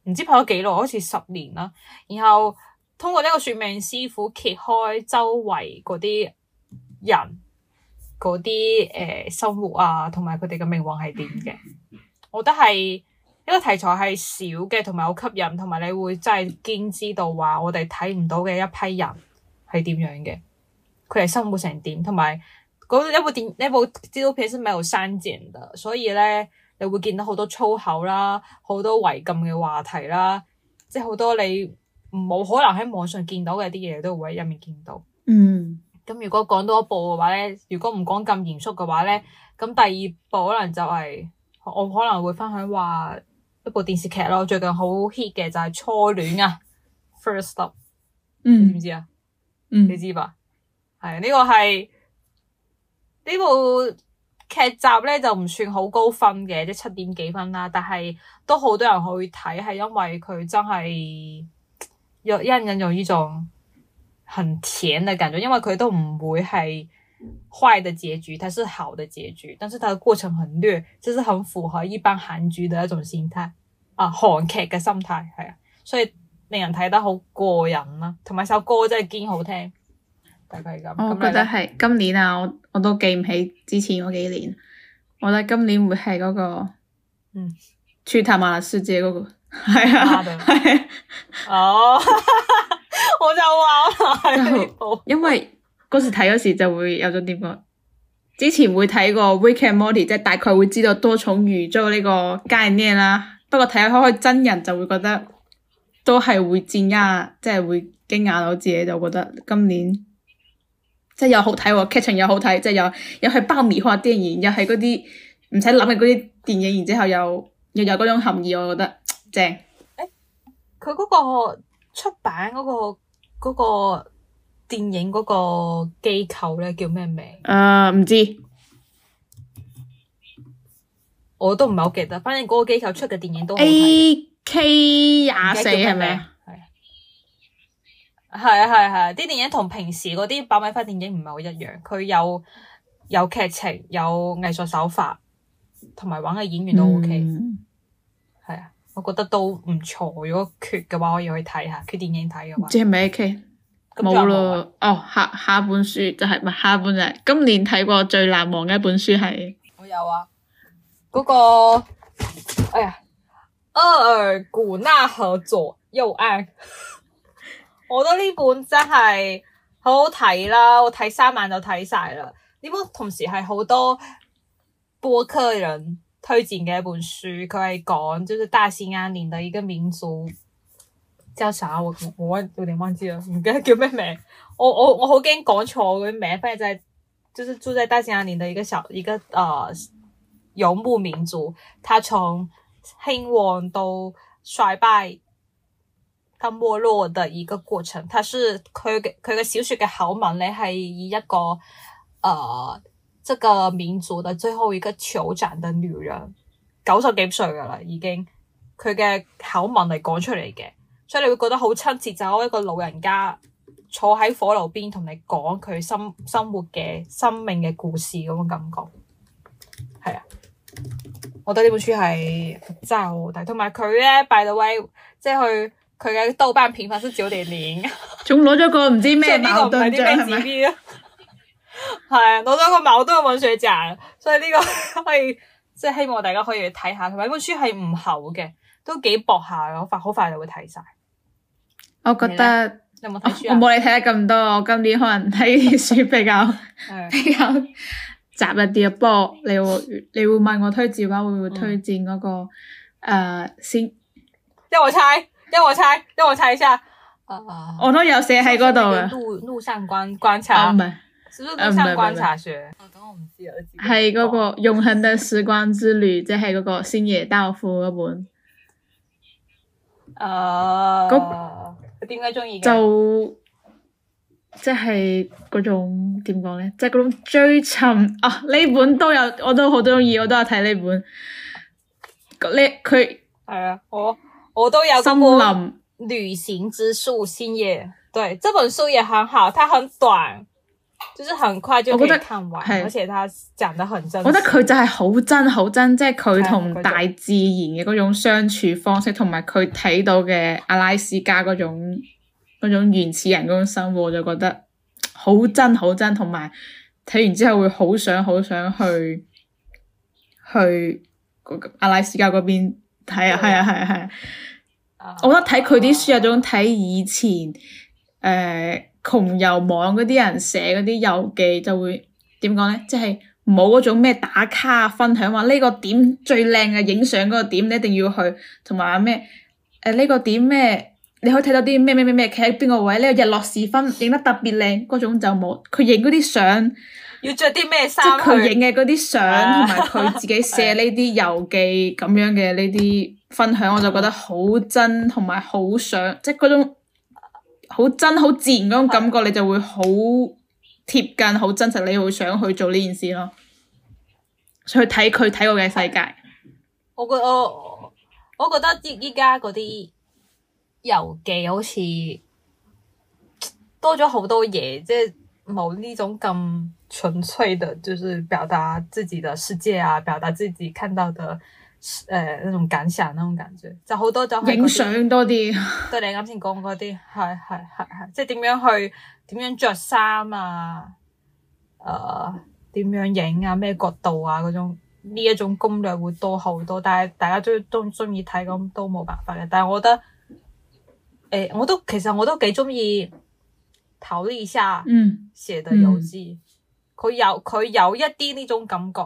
唔知拍咗幾耐，好似十年啦，然後通過呢個算命師傅揭開周圍嗰啲人嗰啲誒生活啊，同埋佢哋嘅命運係點嘅，我覺得係。一個題材係少嘅，同埋好吸引，同埋你會真係堅知道話我哋睇唔到嘅一批人係點樣嘅，佢哋生活成點，同埋一部電一部紀錄片先喺度刪剪嘅，所以咧你會見到好多粗口啦，好多違禁嘅話題啦，即係好多你冇可能喺網上見到嘅啲嘢都會喺入面見到。嗯，咁如果講多一部嘅話咧，如果唔講咁嚴肅嘅話咧，咁第二部可能就係、是、我可能會分享話。一部電視劇咯，最近好 hit 嘅就係、是、初戀啊，First Love、嗯》，v 你，、嗯、你知唔知啊？嗯，你知吧？係、這、呢個係呢部劇集咧，就唔算好高分嘅，即係七點幾分啦，但係都好多人去睇，係因為佢真係有一印印呢種很甜嘅感覺，因為佢都唔會係。壞的結局，它是好的結局，但是它的過程很虐，這，就是很符合一般韓劇的一種心態啊，韓劇嘅心態係啊，所以令人睇得好過癮啦，啊，同埋首歌真係堅好聽，大概係咁。我覺得係今年啊，我我都記唔起之前嗰幾年，我覺得今年會係嗰個嗯《去他媽的世界》嗰個係啊，係哦，我就話說 ，so, 因為。嗰時睇嗰時就會有種點講，之前會睇過《Rick and Morty》即係大概會知道多重宇宙呢個概念啦。不過睇開開真人就會覺得都係會戰呀，即、就、係、是、會驚訝到自己，就覺得今年即係又好睇喎，劇情又好睇，即係又又係爆米花電影，又係嗰啲唔使諗嘅嗰啲電影，然之後又又有嗰種含義，我覺得正。佢嗰、欸、個出版嗰、嗰個個。嗰個電影嗰個機構咧叫咩名？啊、uh,，唔知，我都唔係好記得。反正嗰個機構出嘅電影都 AK 廿四係咪係，係係係啲電影同平時啲爆米花電影唔係好一樣，佢有有劇情，有藝術手法，同埋玩嘅演員都 OK。係、嗯、啊，我覺得都唔錯。如果缺嘅話，可以去睇下。缺電影睇嘅話，即係咪 AK？冇咯、啊，哦下下本書就係、是、咪下本就係、是、今年睇過最難忘嘅一本書係，我有啊，嗰、那個，哎呀，額爾古納河左右岸， 我覺得呢本真係好好睇啦，我睇三晚就睇晒啦，呢本同時係好多播客人推薦嘅一本書，佢係講就是大興安嶺嘅一個民族。叫啥？我我忘，有點忘記了，唔記得叫咩名。我我我好驚講錯佢名。反正就係，就是住在大興安嶺的一個小一個誒游牧民族。他從興旺到衰敗到沒落的一個過程。他是佢嘅佢嘅小說嘅口吻，咧，係以一個誒、呃、這個民族嘅最後一個酋長嘅女人，九十幾歲噶啦，已經佢嘅口吻嚟講出嚟嘅。所以你會覺得好親切，就一個老人家坐喺火爐邊同你講佢生生活嘅生命嘅故事咁嘅感覺。係啊，我覺得呢本書係真係好好睇，同埋佢咧，by the way，即係去佢嘅豆瓣評分都照地碾，仲攞咗個唔知咩茅盾獎，係啊，啊、 嗯，攞咗個茅盾文學獎，所以呢個可以，即係希望大家可以睇下。同埋呢本書係唔厚嘅，都幾薄下，好快好快就會睇晒。我覺得我冇你睇得咁多，我今年可能睇啲書比較比較雜一啲嘅波。你會你會問我推薦嘅話，會唔會推薦嗰個星？讓我猜，讓我猜，讓我猜一下。啊啊！我都有寫喺嗰度啦。路路上觀觀察唔係，路上觀察學。等我唔記得。係嗰個永恒的時光之旅，即係嗰個星野道夫嗰本。哦。點解中意？就即係嗰種點講咧？即係嗰種追尋啊！呢本都有，我都好中意，我都有睇呢本。呢佢係啊，我我都有森林旅行之書仙夜。對，這本書也很好，它很短。就是很快就可以我覺得看完，是而且他講得很真。我覺得佢就係好真好真，即係佢同大自然嘅嗰種相處方式，同埋佢睇到嘅阿拉斯加嗰種嗰種原始人嗰種生活，我就覺得好真好真，同埋睇完之後會好想好想去去阿拉斯加嗰邊睇。係啊係啊係啊係啊！我覺得睇佢啲書有種睇以前誒。呃窮遊網嗰啲人寫嗰啲遊記就會點講咧？即係冇嗰種咩打卡分享話呢個點最靚嘅影相嗰個點你一定要去，同埋咩誒呢個點咩，你可以睇到啲咩咩咩咩，企喺邊個位呢個日落時分影得特別靚嗰種就冇，佢影嗰啲相要着啲咩衫？即係佢影嘅嗰啲相同埋佢自己寫呢啲遊記咁樣嘅呢啲分享，我就覺得好真同埋好想，即係嗰種。好真好自然嗰種感覺，嗯、你就會好貼近，好真實，你會想去做呢件事咯。去睇佢睇我嘅世界。我覺我我我覺得依家嗰啲遊記好似多咗好多嘢，即係冇呢種咁純粹嘅，就係表達自己嘅世界啊，表達自己看到嘅。誒，嗰種謹慎，嗰種感覺，就好多就影相多啲。 對你，你啱先講嗰啲，係係係係，即係點樣去點樣着衫啊？誒、呃，點樣影啊？咩角度啊？嗰種呢一種攻略會多好多，但係大家都都中意睇，咁都冇辦法嘅。但係我覺得，誒、欸，我都其實我都幾中意睇一下，嗯，蛇的幼枝，佢、嗯、有佢有一啲呢種感覺。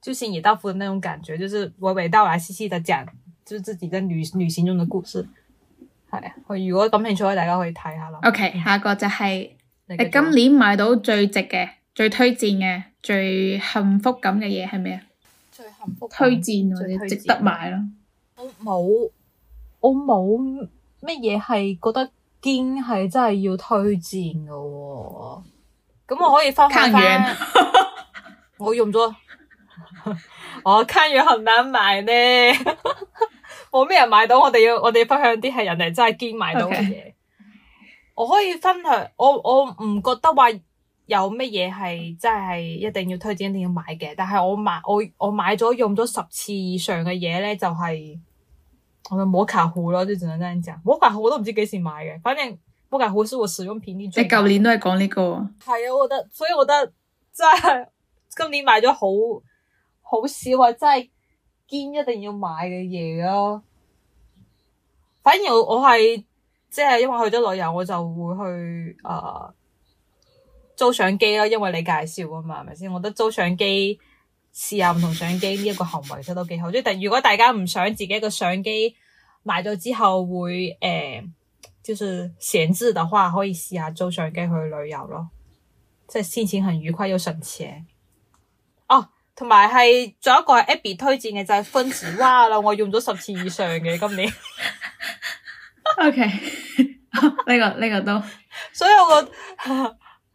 就心理大夫的那種感覺，就是娓娓道來，細細的講，就是、自己在旅旅行中的故事。好呀，如果感興趣，大家可以睇下咯。O、okay, K，下一個就係、是、你今年買到最值嘅、最推薦嘅、最幸福感嘅嘢係咩啊？最幸福。推薦或者值得買咯。我冇，我冇乜嘢係覺得堅係真係要推薦嘅、哦。咁我可以翻翻翻， 我用咗。摩卡壺好難買呢？冇咩 人買到，我哋要我哋分享啲係人哋真係堅買到嘅嘢。Okay. 我可以分享，我我唔覺得話有乜嘢係真係一定要推薦、一定要買嘅。但係我買我我買咗用咗十次以上嘅嘢咧，就係我摩卡壺咯，即係真真正正摩卡壺，我，我都唔知幾時買嘅。反正摩卡壺是我使用頻率。你舊年都係講呢個，係啊， 我覺得，所以我覺得真係今年買咗好。好少啊！真係堅一定要買嘅嘢咯。反而我我係即係，就是、因為去咗旅遊，我就會去誒、呃、租相機啦、啊。因為你介紹啊嘛，係咪先？我覺得租相機試下唔同相機呢一個行為都都幾好。即係，但如果大家唔想自己個相機買咗之後會誒、呃，就是閒置嘅話，可以試下租相機去旅遊咯。即係先錢行魚窟要神錢、啊。同埋係，仲有一個係 Abbie 推薦嘅就係、是、Funsy 娃啦， 我用咗十次以上嘅今年。OK，呢個呢、這個都，所以我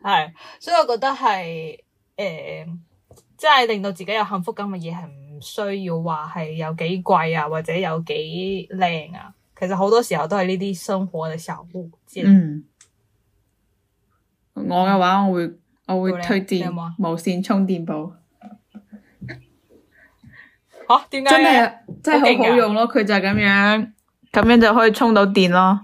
係， 所以我覺得係，誒、呃，即、就、係、是、令到自己有幸福感嘅嘢係唔需要話係有幾貴啊，或者有幾靚啊。其實好多時候都係呢啲生活嘅小物。知嗯，我嘅話我會我會推薦無線充電寶。點解？真係真係好好用咯，佢就咁樣，咁樣就可以充到電咯。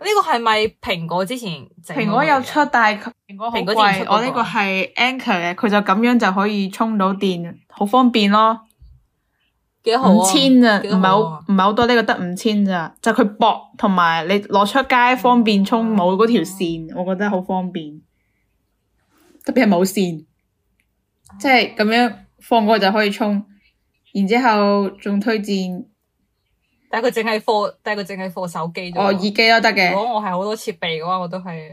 呢個係咪蘋果之前？蘋果有出，但係蘋果好貴。我呢個係 Anchor 嘅，佢就咁樣就可以充到電，好方便咯。幾好啊！五千咋，唔係好唔係好多，呢個得五千咋，就佢薄，同埋你攞出街方便充，冇嗰條線，我覺得好方便，特別係冇線，即係咁樣。放過就可以充，然之後仲推薦，但佢淨係放，但佢淨係放手機，哦機我我。哦，耳機都得嘅。如果我係好多設備嘅話，我都係。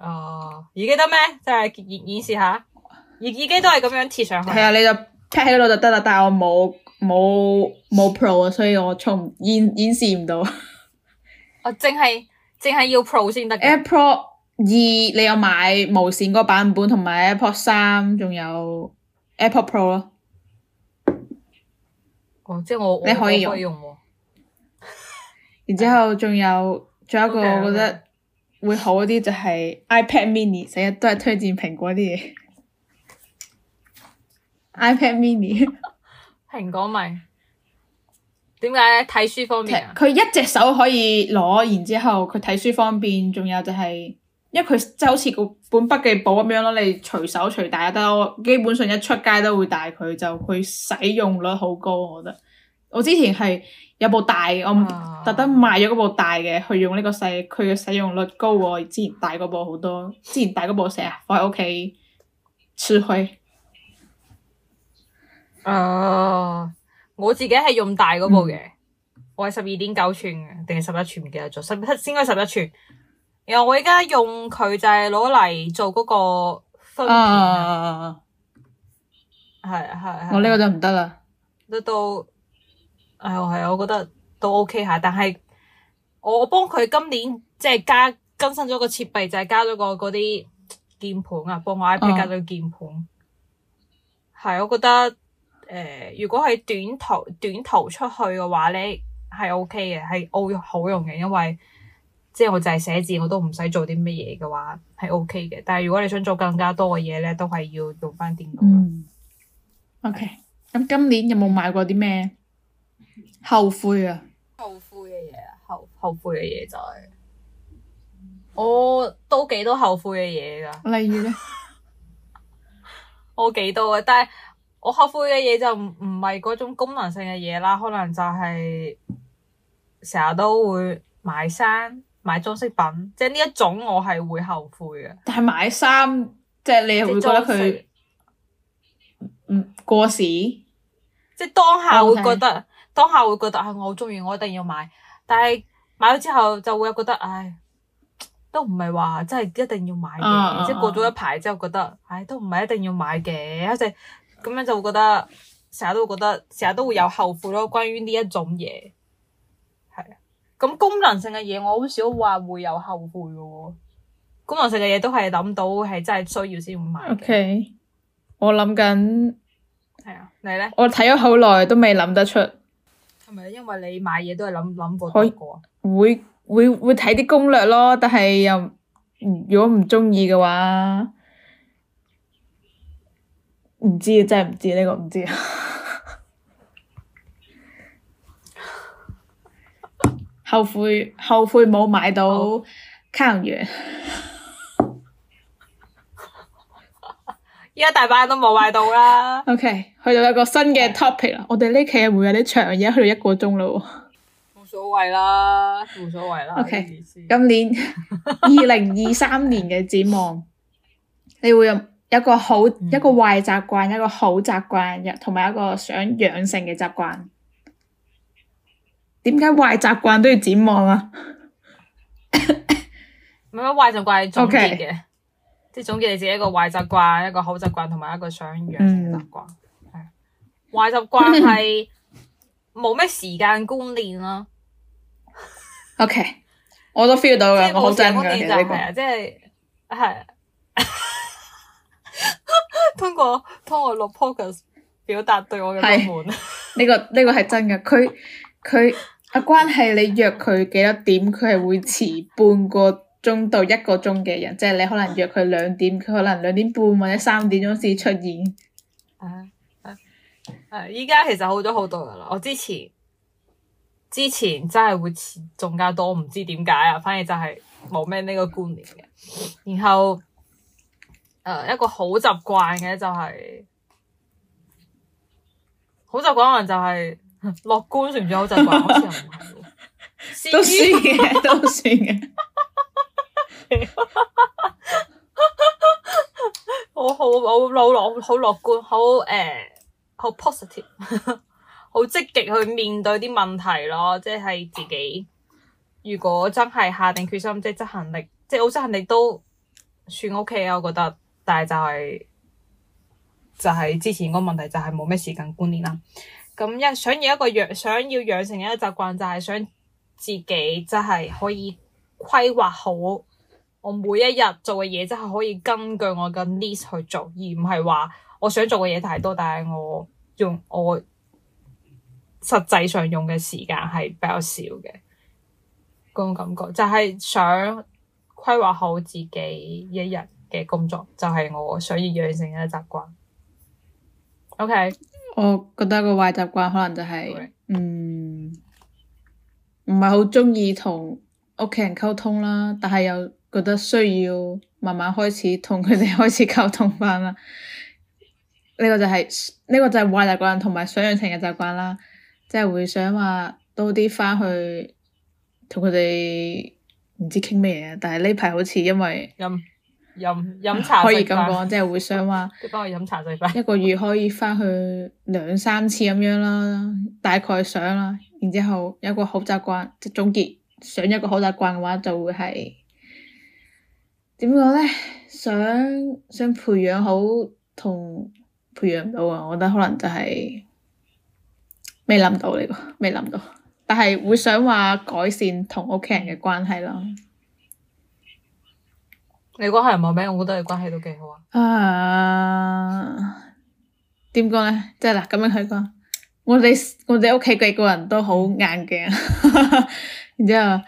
哦，耳機得咩？即係演示下，耳耳機都係咁樣貼上去。係啊，你就貼喺度就得啦。但係我冇冇冇 Pro 啊，所以我充唔演演示唔到。我淨係淨係要 Pro 先得。Apple 二你有買無線嗰個版本，同埋 Apple 三，仲有 Apple Pro 咯。哦，即係我，你可以用，以用哦、 然之後仲有，仲 有一個我覺得會好啲就係 iPad mini，成日都係推薦蘋果啲嘢，iPad mini，蘋果迷，點解咧？睇書方便，啊，佢一隻手可以攞，然之後佢睇書方便，仲有就係、是。因為佢就好似個本筆記簿咁樣咯，你隨手隨帶就得，基本上一出街都會帶佢，就佢使用率好高。我覺得我之前係有部大，我特登賣咗嗰部大嘅去用呢，這個細，佢嘅使用率高過之前大嗰部好多。之前大嗰部成日放喺屋企黐去。哦，呃，我自己係用大嗰部嘅。嗯，我係十二點九寸嘅，定係十一寸唔記得咗，十七先應該十一寸。然後我而家用佢就係攞嚟做嗰個分辨啊，係係係。我呢個就唔得啦，都、哎、都，係係我覺得都 OK 下。但係我我幫佢今年即係、就是、加更新咗個設備，就係、是、加咗、那個嗰啲鍵盤啊，幫我 iPad 加咗鍵盤。係，我覺得誒、呃，如果係短途短途出去嘅話咧，係 OK 嘅，係 O 好用嘅，因為。即係我就係寫字，我都唔使做啲乜嘢嘅話係 O K 嘅。但係如果你想做更加多嘅嘢咧，都係要用翻電腦。嗯，O K。咁是、okay. 今年有冇買過啲咩後悔啊？後悔嘅嘢，後後悔嘅嘢就係我都幾多後悔嘅嘢噶。例如咧， 我幾多嘅，但係我後悔嘅嘢就唔唔係嗰種功能性嘅嘢啦，可能就係成日都會買衫。買裝飾品，即係呢一種我係會後悔嘅。但係買衫，即係你又會覺得佢唔裝飾、嗯、過時，即係當下會覺得，Okay. 當下會覺得，哎，我好中意，我一定要買。但係買咗之後，就會覺得，唉，都唔係話真係一定要買嘅。嗯嗯嗯、即係過咗一排之後，覺得，唉，都唔係一定要買嘅。一直咁樣就會覺得，成日都會覺得，成日都會有後悔咯。關於呢一種嘢。咁功能性嘅嘢，我好少話會有後悔嘅喎。功能性嘅嘢都係諗到係真係需要先會買。OK，我諗緊。係啊，你咧？我睇咗好耐，都未諗得出。係咪因為你買嘢都係諗諗過？會會會睇啲攻略咯，但係又如果唔中意嘅話，唔知，真係唔知呢個唔知啊。 後悔後悔冇買到抗原，依家大把人都冇買到啦。 OK，去到一個新嘅 topic 啦的，我哋呢期會有啲長，而家去到一個鐘啦。冇所謂啦，冇所謂啦。OK，今年二零二三年嘅展望， 你會有一個好、嗯、一個壞習慣，一個好習慣，同埋一個想養成嘅習慣。點解壞習慣都要展望啊？唔係咩？壞習慣係總結嘅，Okay. 即係總結你自己一個壞習慣、一個好習慣同埋一個想養嘅習慣。係壞習慣係冇咩時間觀念咯、啊。O、okay. K，我都 feel 到兩我好真嘅嘢嚟即係係通過通過落 o c u s 表達對我嘅不滿。呢、這個呢、這個係真嘅，佢。佢啊，關係，你約佢幾多點，佢係會遲半個鐘到一個鐘嘅人，即係你可能約佢兩點，佢可能兩點半或者三點鐘先出現。啊啊啊！依家其實好咗好多噶啦，我之前之前真係會遲仲加多，唔知點解啊，反而就係冇咩呢個觀念嘅。然後誒、啊，一個好習慣嘅就係、是、好習慣可能就係、是。樂觀 算唔算好習慣？都算嘅，都算嘅。我好我好樂好樂觀，好誒，uh, 好 positive， 好積極去面對啲問題咯。即係自己，如果真係下定決心，即係執行力，即係好執行力都算 OK 啊。我覺得，但係就係、是、就係、是、之前個問題，就係冇咩時間觀念啦。咁一想要一個養想要養成一個習慣就係想自己真係可以規劃好我每一日做嘅嘢，即係可以根據我嘅 list 去做，而唔係話我想做嘅嘢太多，但係我用我實際上用嘅時間係比較少嘅嗰種感覺，就係想規劃好自己一日嘅工作，就係我想要養成一個習慣。OK。我覺得個壞習慣可能就係、是，嗯，唔係好鍾意同屋企人溝通啦，但係又覺得需要慢慢開始同佢哋開始溝通翻啦。呢、這個就係、是、呢、這個就係壞習慣，同埋想養成嘅習慣啦，即、就、係、是、會想話多啲翻去同佢哋唔知傾咩嘢，但係呢排好似因為、嗯飲飲茶可以咁講，即係會想話幫我飲茶最快。一個月可以翻去兩三次咁樣啦，大概想啦。然之後有個好習慣，即係總結想一個好習慣嘅話，就會係點講咧？想想培養好同培養唔到啊！我覺得可能就係未諗到呢個，未諗到。但係會想話改善同屋企人嘅關係咯。你關係冇咩？我覺得你關係都幾好啊。啊，點講咧？即係嗱，咁樣佢講，我哋我哋屋企幾個人都好硬頸，然之後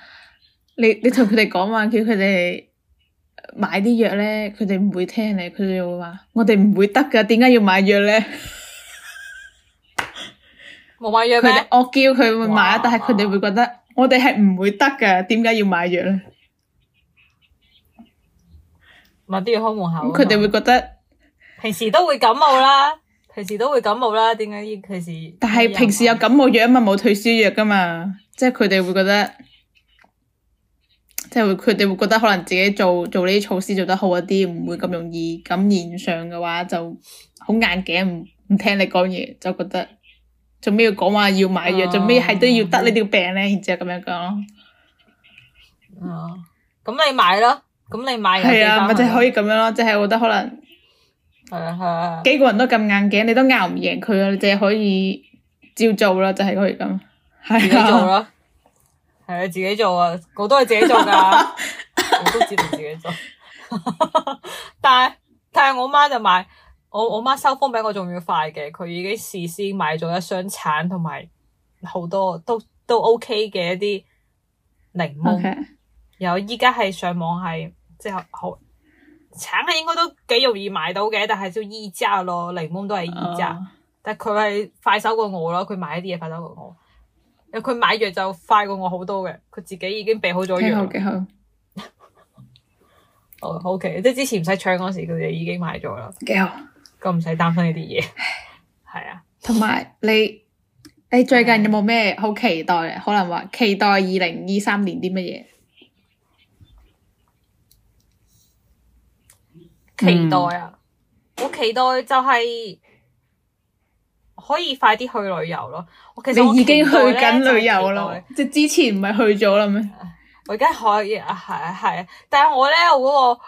你你同佢哋講話叫佢哋買啲藥咧，佢哋唔會聽你，佢哋會話我哋唔會得噶，點解要買藥咧？冇買藥佢哋，我叫佢買，但係佢哋會覺得我哋係唔會得噶，點解要買藥咧？咪都要開門口。佢哋會覺得平時都會感冒啦，平時都會感冒啦，點解要平時？但係平時有感冒藥啊嘛，冇退燒藥噶嘛，即係佢哋會覺得，即係佢哋會覺得可能自己做做呢啲措施做得好一啲，唔會咁容易感染上嘅話，就好硬頸，唔唔聽你講嘢，就覺得做咩要講話要買藥，做咩係都要得呢條病咧，然之後咁樣講咯。哦，咁你買咯。咁你買人係啊，咪即係可以咁樣咯，即係我覺得可能，係啊係啊，啊幾個人都咁硬頸，你都拗唔贏佢啊！你淨係可以照做啦，就係可以咁，係啊，係 啊，自己做啊，我都係自己做噶， 我都知能自己做。 但係但係我媽就買，我我媽收風比我仲要快嘅，佢已經事先買咗一箱橙，同埋好多都都 OK 嘅一啲檸檬，有依家係上網係。之後好橙係應該都幾容易買到嘅，但係就議價咯。檸檬都係議價，uh, 但係佢係快手過我咯。佢買啲嘢快手過我，佢買藥就快過我好多嘅。佢自己已經備好咗藥了。幾好，哦，好嘅，即係之前唔使搶嗰時，佢哋已經買咗啦。幾好，咁唔使擔心呢啲嘢。係 啊，同埋你，你最近有冇咩好期待？嗯、可能話期待二零二三年啲乜嘢？期待啊！我期待就係可以快啲去旅遊咯。我其實已經去緊旅遊咯，即係之前唔係去咗啦咩？我而家可以係啊係啊，但係我呢我嗰個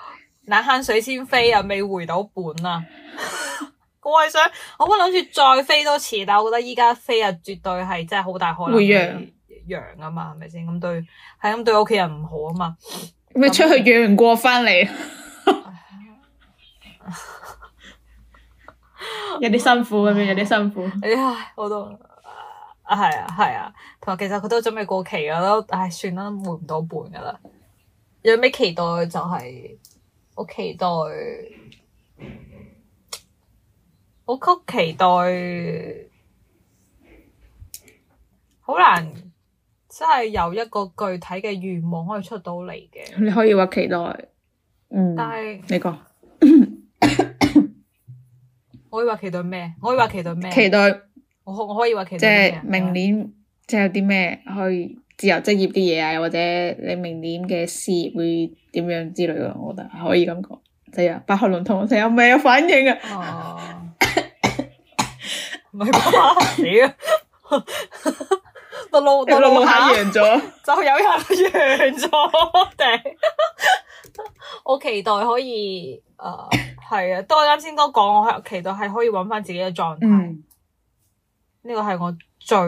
冷坑水先飛啊，未回到本啊。 我係想，我諗住再飛多次，但係我覺得依家飛啊，絕對係真係好大可能會揚揚啊嘛，係咪先咁對？係咁、啊、對屋企人唔好啊嘛，咪出去揚過翻嚟。 有啲辛苦咁樣，有啲辛苦。哎，我都啊，係、哎、啊，係啊。同埋、啊，其實佢都準備過期噶啦。唉、哎，算啦，換唔到半噶啦。有咩期待就係、是、好期待，好曲期待好難，真係有一個具體嘅願望可以出到嚟嘅。你可以話期待，嗯、但係是你講個。 可以話期待咩？可以話期待咩？期待我，我可以話期待即係明年，即係有啲咩去自由職業啲嘢啊，或者你明年嘅事業會點樣之類嘅，我覺得可以咁講。即係百八輪同通，成日未有反應啊！哦，唔係啩？死啦！到老到老下贏咗， 就有贏贏咗，頂！ 我期待可以誒，係、呃、啊，都我啱先哥講，我係期待係可以揾翻自己嘅狀態，呢個係我最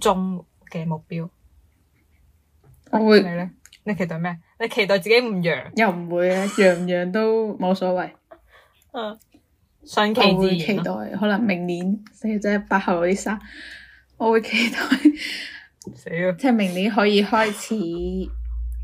終嘅目標。我會你咧？你期待咩？你期待自己唔揚？又唔會啊，揚唔揚都冇所謂。嗯、 啊，順其自然、啊。會期待可能明年死啫，八後嗰啲衫，我會期待死啊！了即係明年可以開始，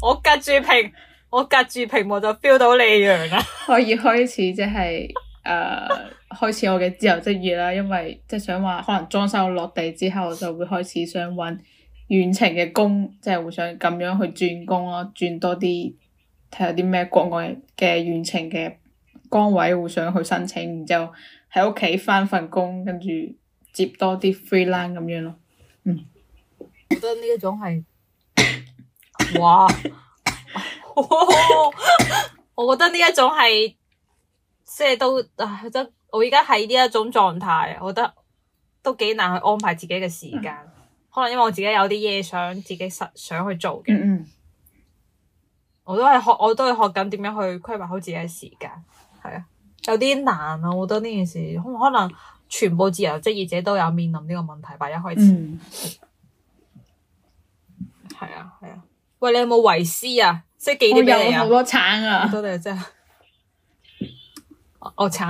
我隔住屏。我隔住屏幕就 feel 到你樣啊！可以開始即係誒，呃、 開始我嘅自由職業啦，因為即係想話可能裝修落地之後就會開始想搵遠程嘅工，即、就、係、是、會想咁樣去轉工咯，轉多啲睇下啲咩國外嘅遠程嘅崗位會想去申請，然之後喺屋企返份工，跟住接多啲 freelance 咁樣咯。嗯，我覺得呢一種係 哇。我 我覺得呢一種係，即係都，唉，真，我而家喺呢一種狀態，我覺得都幾難去安排自己嘅時間。嗯、可能因為我自己有啲嘢想自己實想去做嘅。嗯、我都係學，我都係學緊點樣去規劃好自己嘅時間。係啊，有啲難啊，我覺得呢件事，可能全部自由職業者都有面臨呢個問題吧。一開始。嗯。係啊係啊，喂，你有冇為師啊？即係記啲多嘢啊！我炒、啊、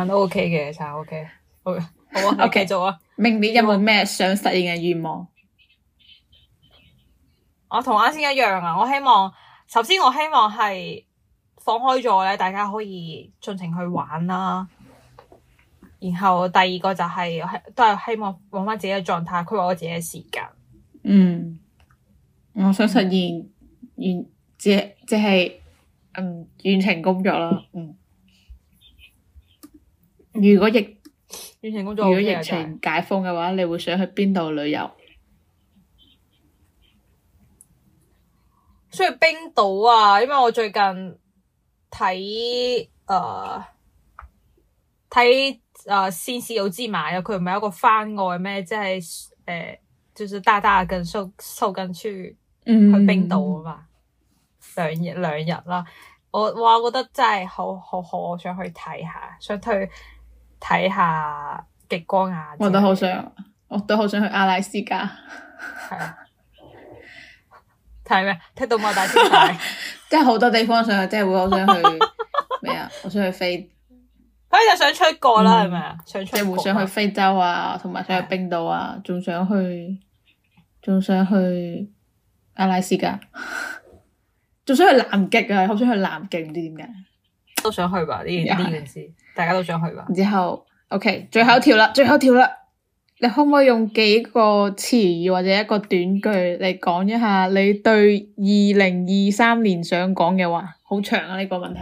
都 OK 嘅，炒 OK，好啊，我繼續啊！Okay. 明年有冇咩想實現嘅願望？我同啱先一樣啊！我希望，首先我希望係放開咗咧，大家可以盡情去玩啦，啊。然後第二個就係、是、都係希望搵返自己嘅狀態，規劃我自己嘅時間。嗯，我想實現、嗯即即係嗯遠程工作啦，嗯。如果疫遠程工作、okay，如果疫情解封嘅話，的你會想去邊度旅遊？所以冰島啊，因為我最近睇誒睇誒《先四》有芝麻啊，佢唔係有一個番外咩？即係誒、呃，就是大大跟瘦瘦跟去去冰島嘛、啊。嗯兩日兩日啦，我哇我覺得真係好好好，我想去睇下，想去睇下極光啊！我都好想，我都好想去阿拉斯加。係啊！睇咩？ 聽到冇大聲睇， 即係好多地方想，會想去，即係好想去咩啊？我想去飛，佢 就想出國啦，係咪啊？想出國即你會想去非洲啊，同埋想去冰島啊，仲、啊、想去，仲想去阿拉斯加。 仲想去南極啊！好想去南極，唔知點解，都想去吧，呢件，呢件事，的大家都想去吧。然之後，OK，最後一條啦，最後一條啦。你可唔可以用幾個詞語或者一個短句嚟，講一下你對二零二三年想講嘅話？好 長啊！呢、這個問題，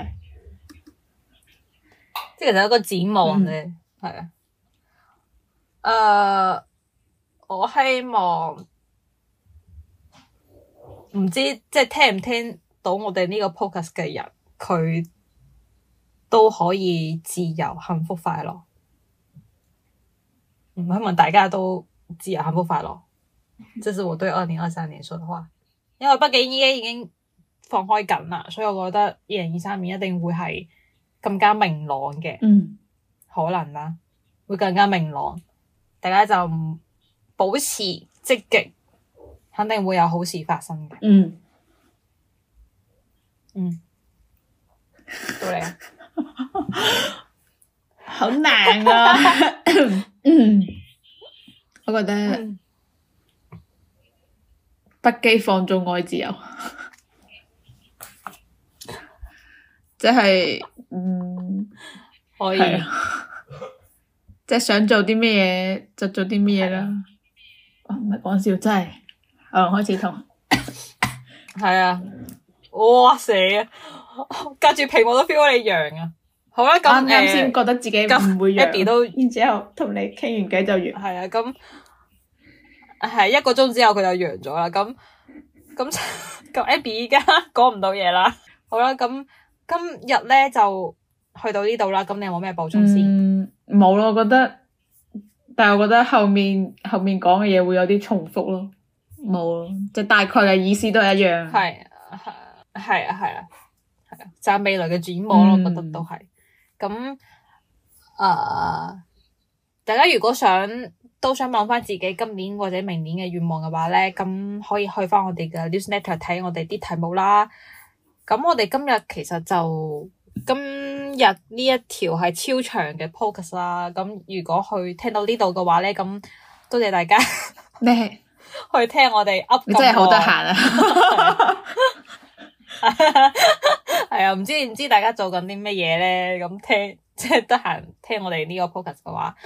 即係其實有個展望嘅，係啊、嗯。誒的，uh, 我希望唔知即係、就是、聽唔聽？到我哋呢個 focus 嘅人，佢都可以自由、幸福、快樂。唔希望大家都自由、幸福、快樂。即 係我對二零二三年說嘅話。因為畢竟依家已經放開緊啦，所以我覺得二零二三年一定會係更加明朗嘅。嗯，可能啦，會更加明朗。大家就保持積極，肯定會有好事發生嘅。嗯。嗯，到你 難啊！好難啊！我覺得、嗯、不羈放縱愛自由，即 係、就是、嗯，可以，即係是、啊、 想做啲咩嘢就做啲咩嘢啦。唔係講笑，真係，我、啊、開始痛，係 啊。哇死啊！隔住屏幕都 feel 到你揚啊！好啦，咁啱先覺得自己唔會揚，都然之後同你傾完偈就完。係啊，咁係一個鐘之後佢就揚咗啦。咁咁咁，Abbie 依家講唔到嘢啦。好啦，咁今日咧就去到呢度啦。咁你有冇咩補充先？冇咯，我覺得，但係我覺得後面後面講嘅嘢會有啲重複咯。冇咯，即係大概嘅意思都係一樣。係。係啊係啊係啊，就係未來嘅展望咯，我覺得、嗯、都係。咁，誒、呃，大家如果想都想望翻自己今年或者明年嘅願望嘅話咧，咁可以去翻我哋嘅 Newsletter 睇我哋啲題目啦。咁我哋今日其實就今日呢一條係超長嘅 focus 啦。咁如果去聽到呢度嘅話咧，咁多謝大家你。咩？ 去聽我哋 up 真係好得閒啊！ 係啊，唔、 嗯、知唔知大家做緊啲咩嘢咧？咁聽即係得閒聽我哋呢個 focus 嘅話，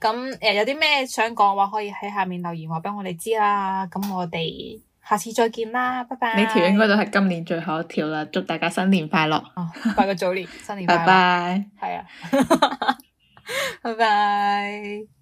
咁誒、嗯、有啲咩想講嘅話，可以喺下面留言話俾我哋知啦。咁我哋下次再見啦，拜拜。呢條應該都係今年最後一條啦，祝大家新年快樂，哦，拜個早年， 新年快樂，拜拜，係啊，拜拜。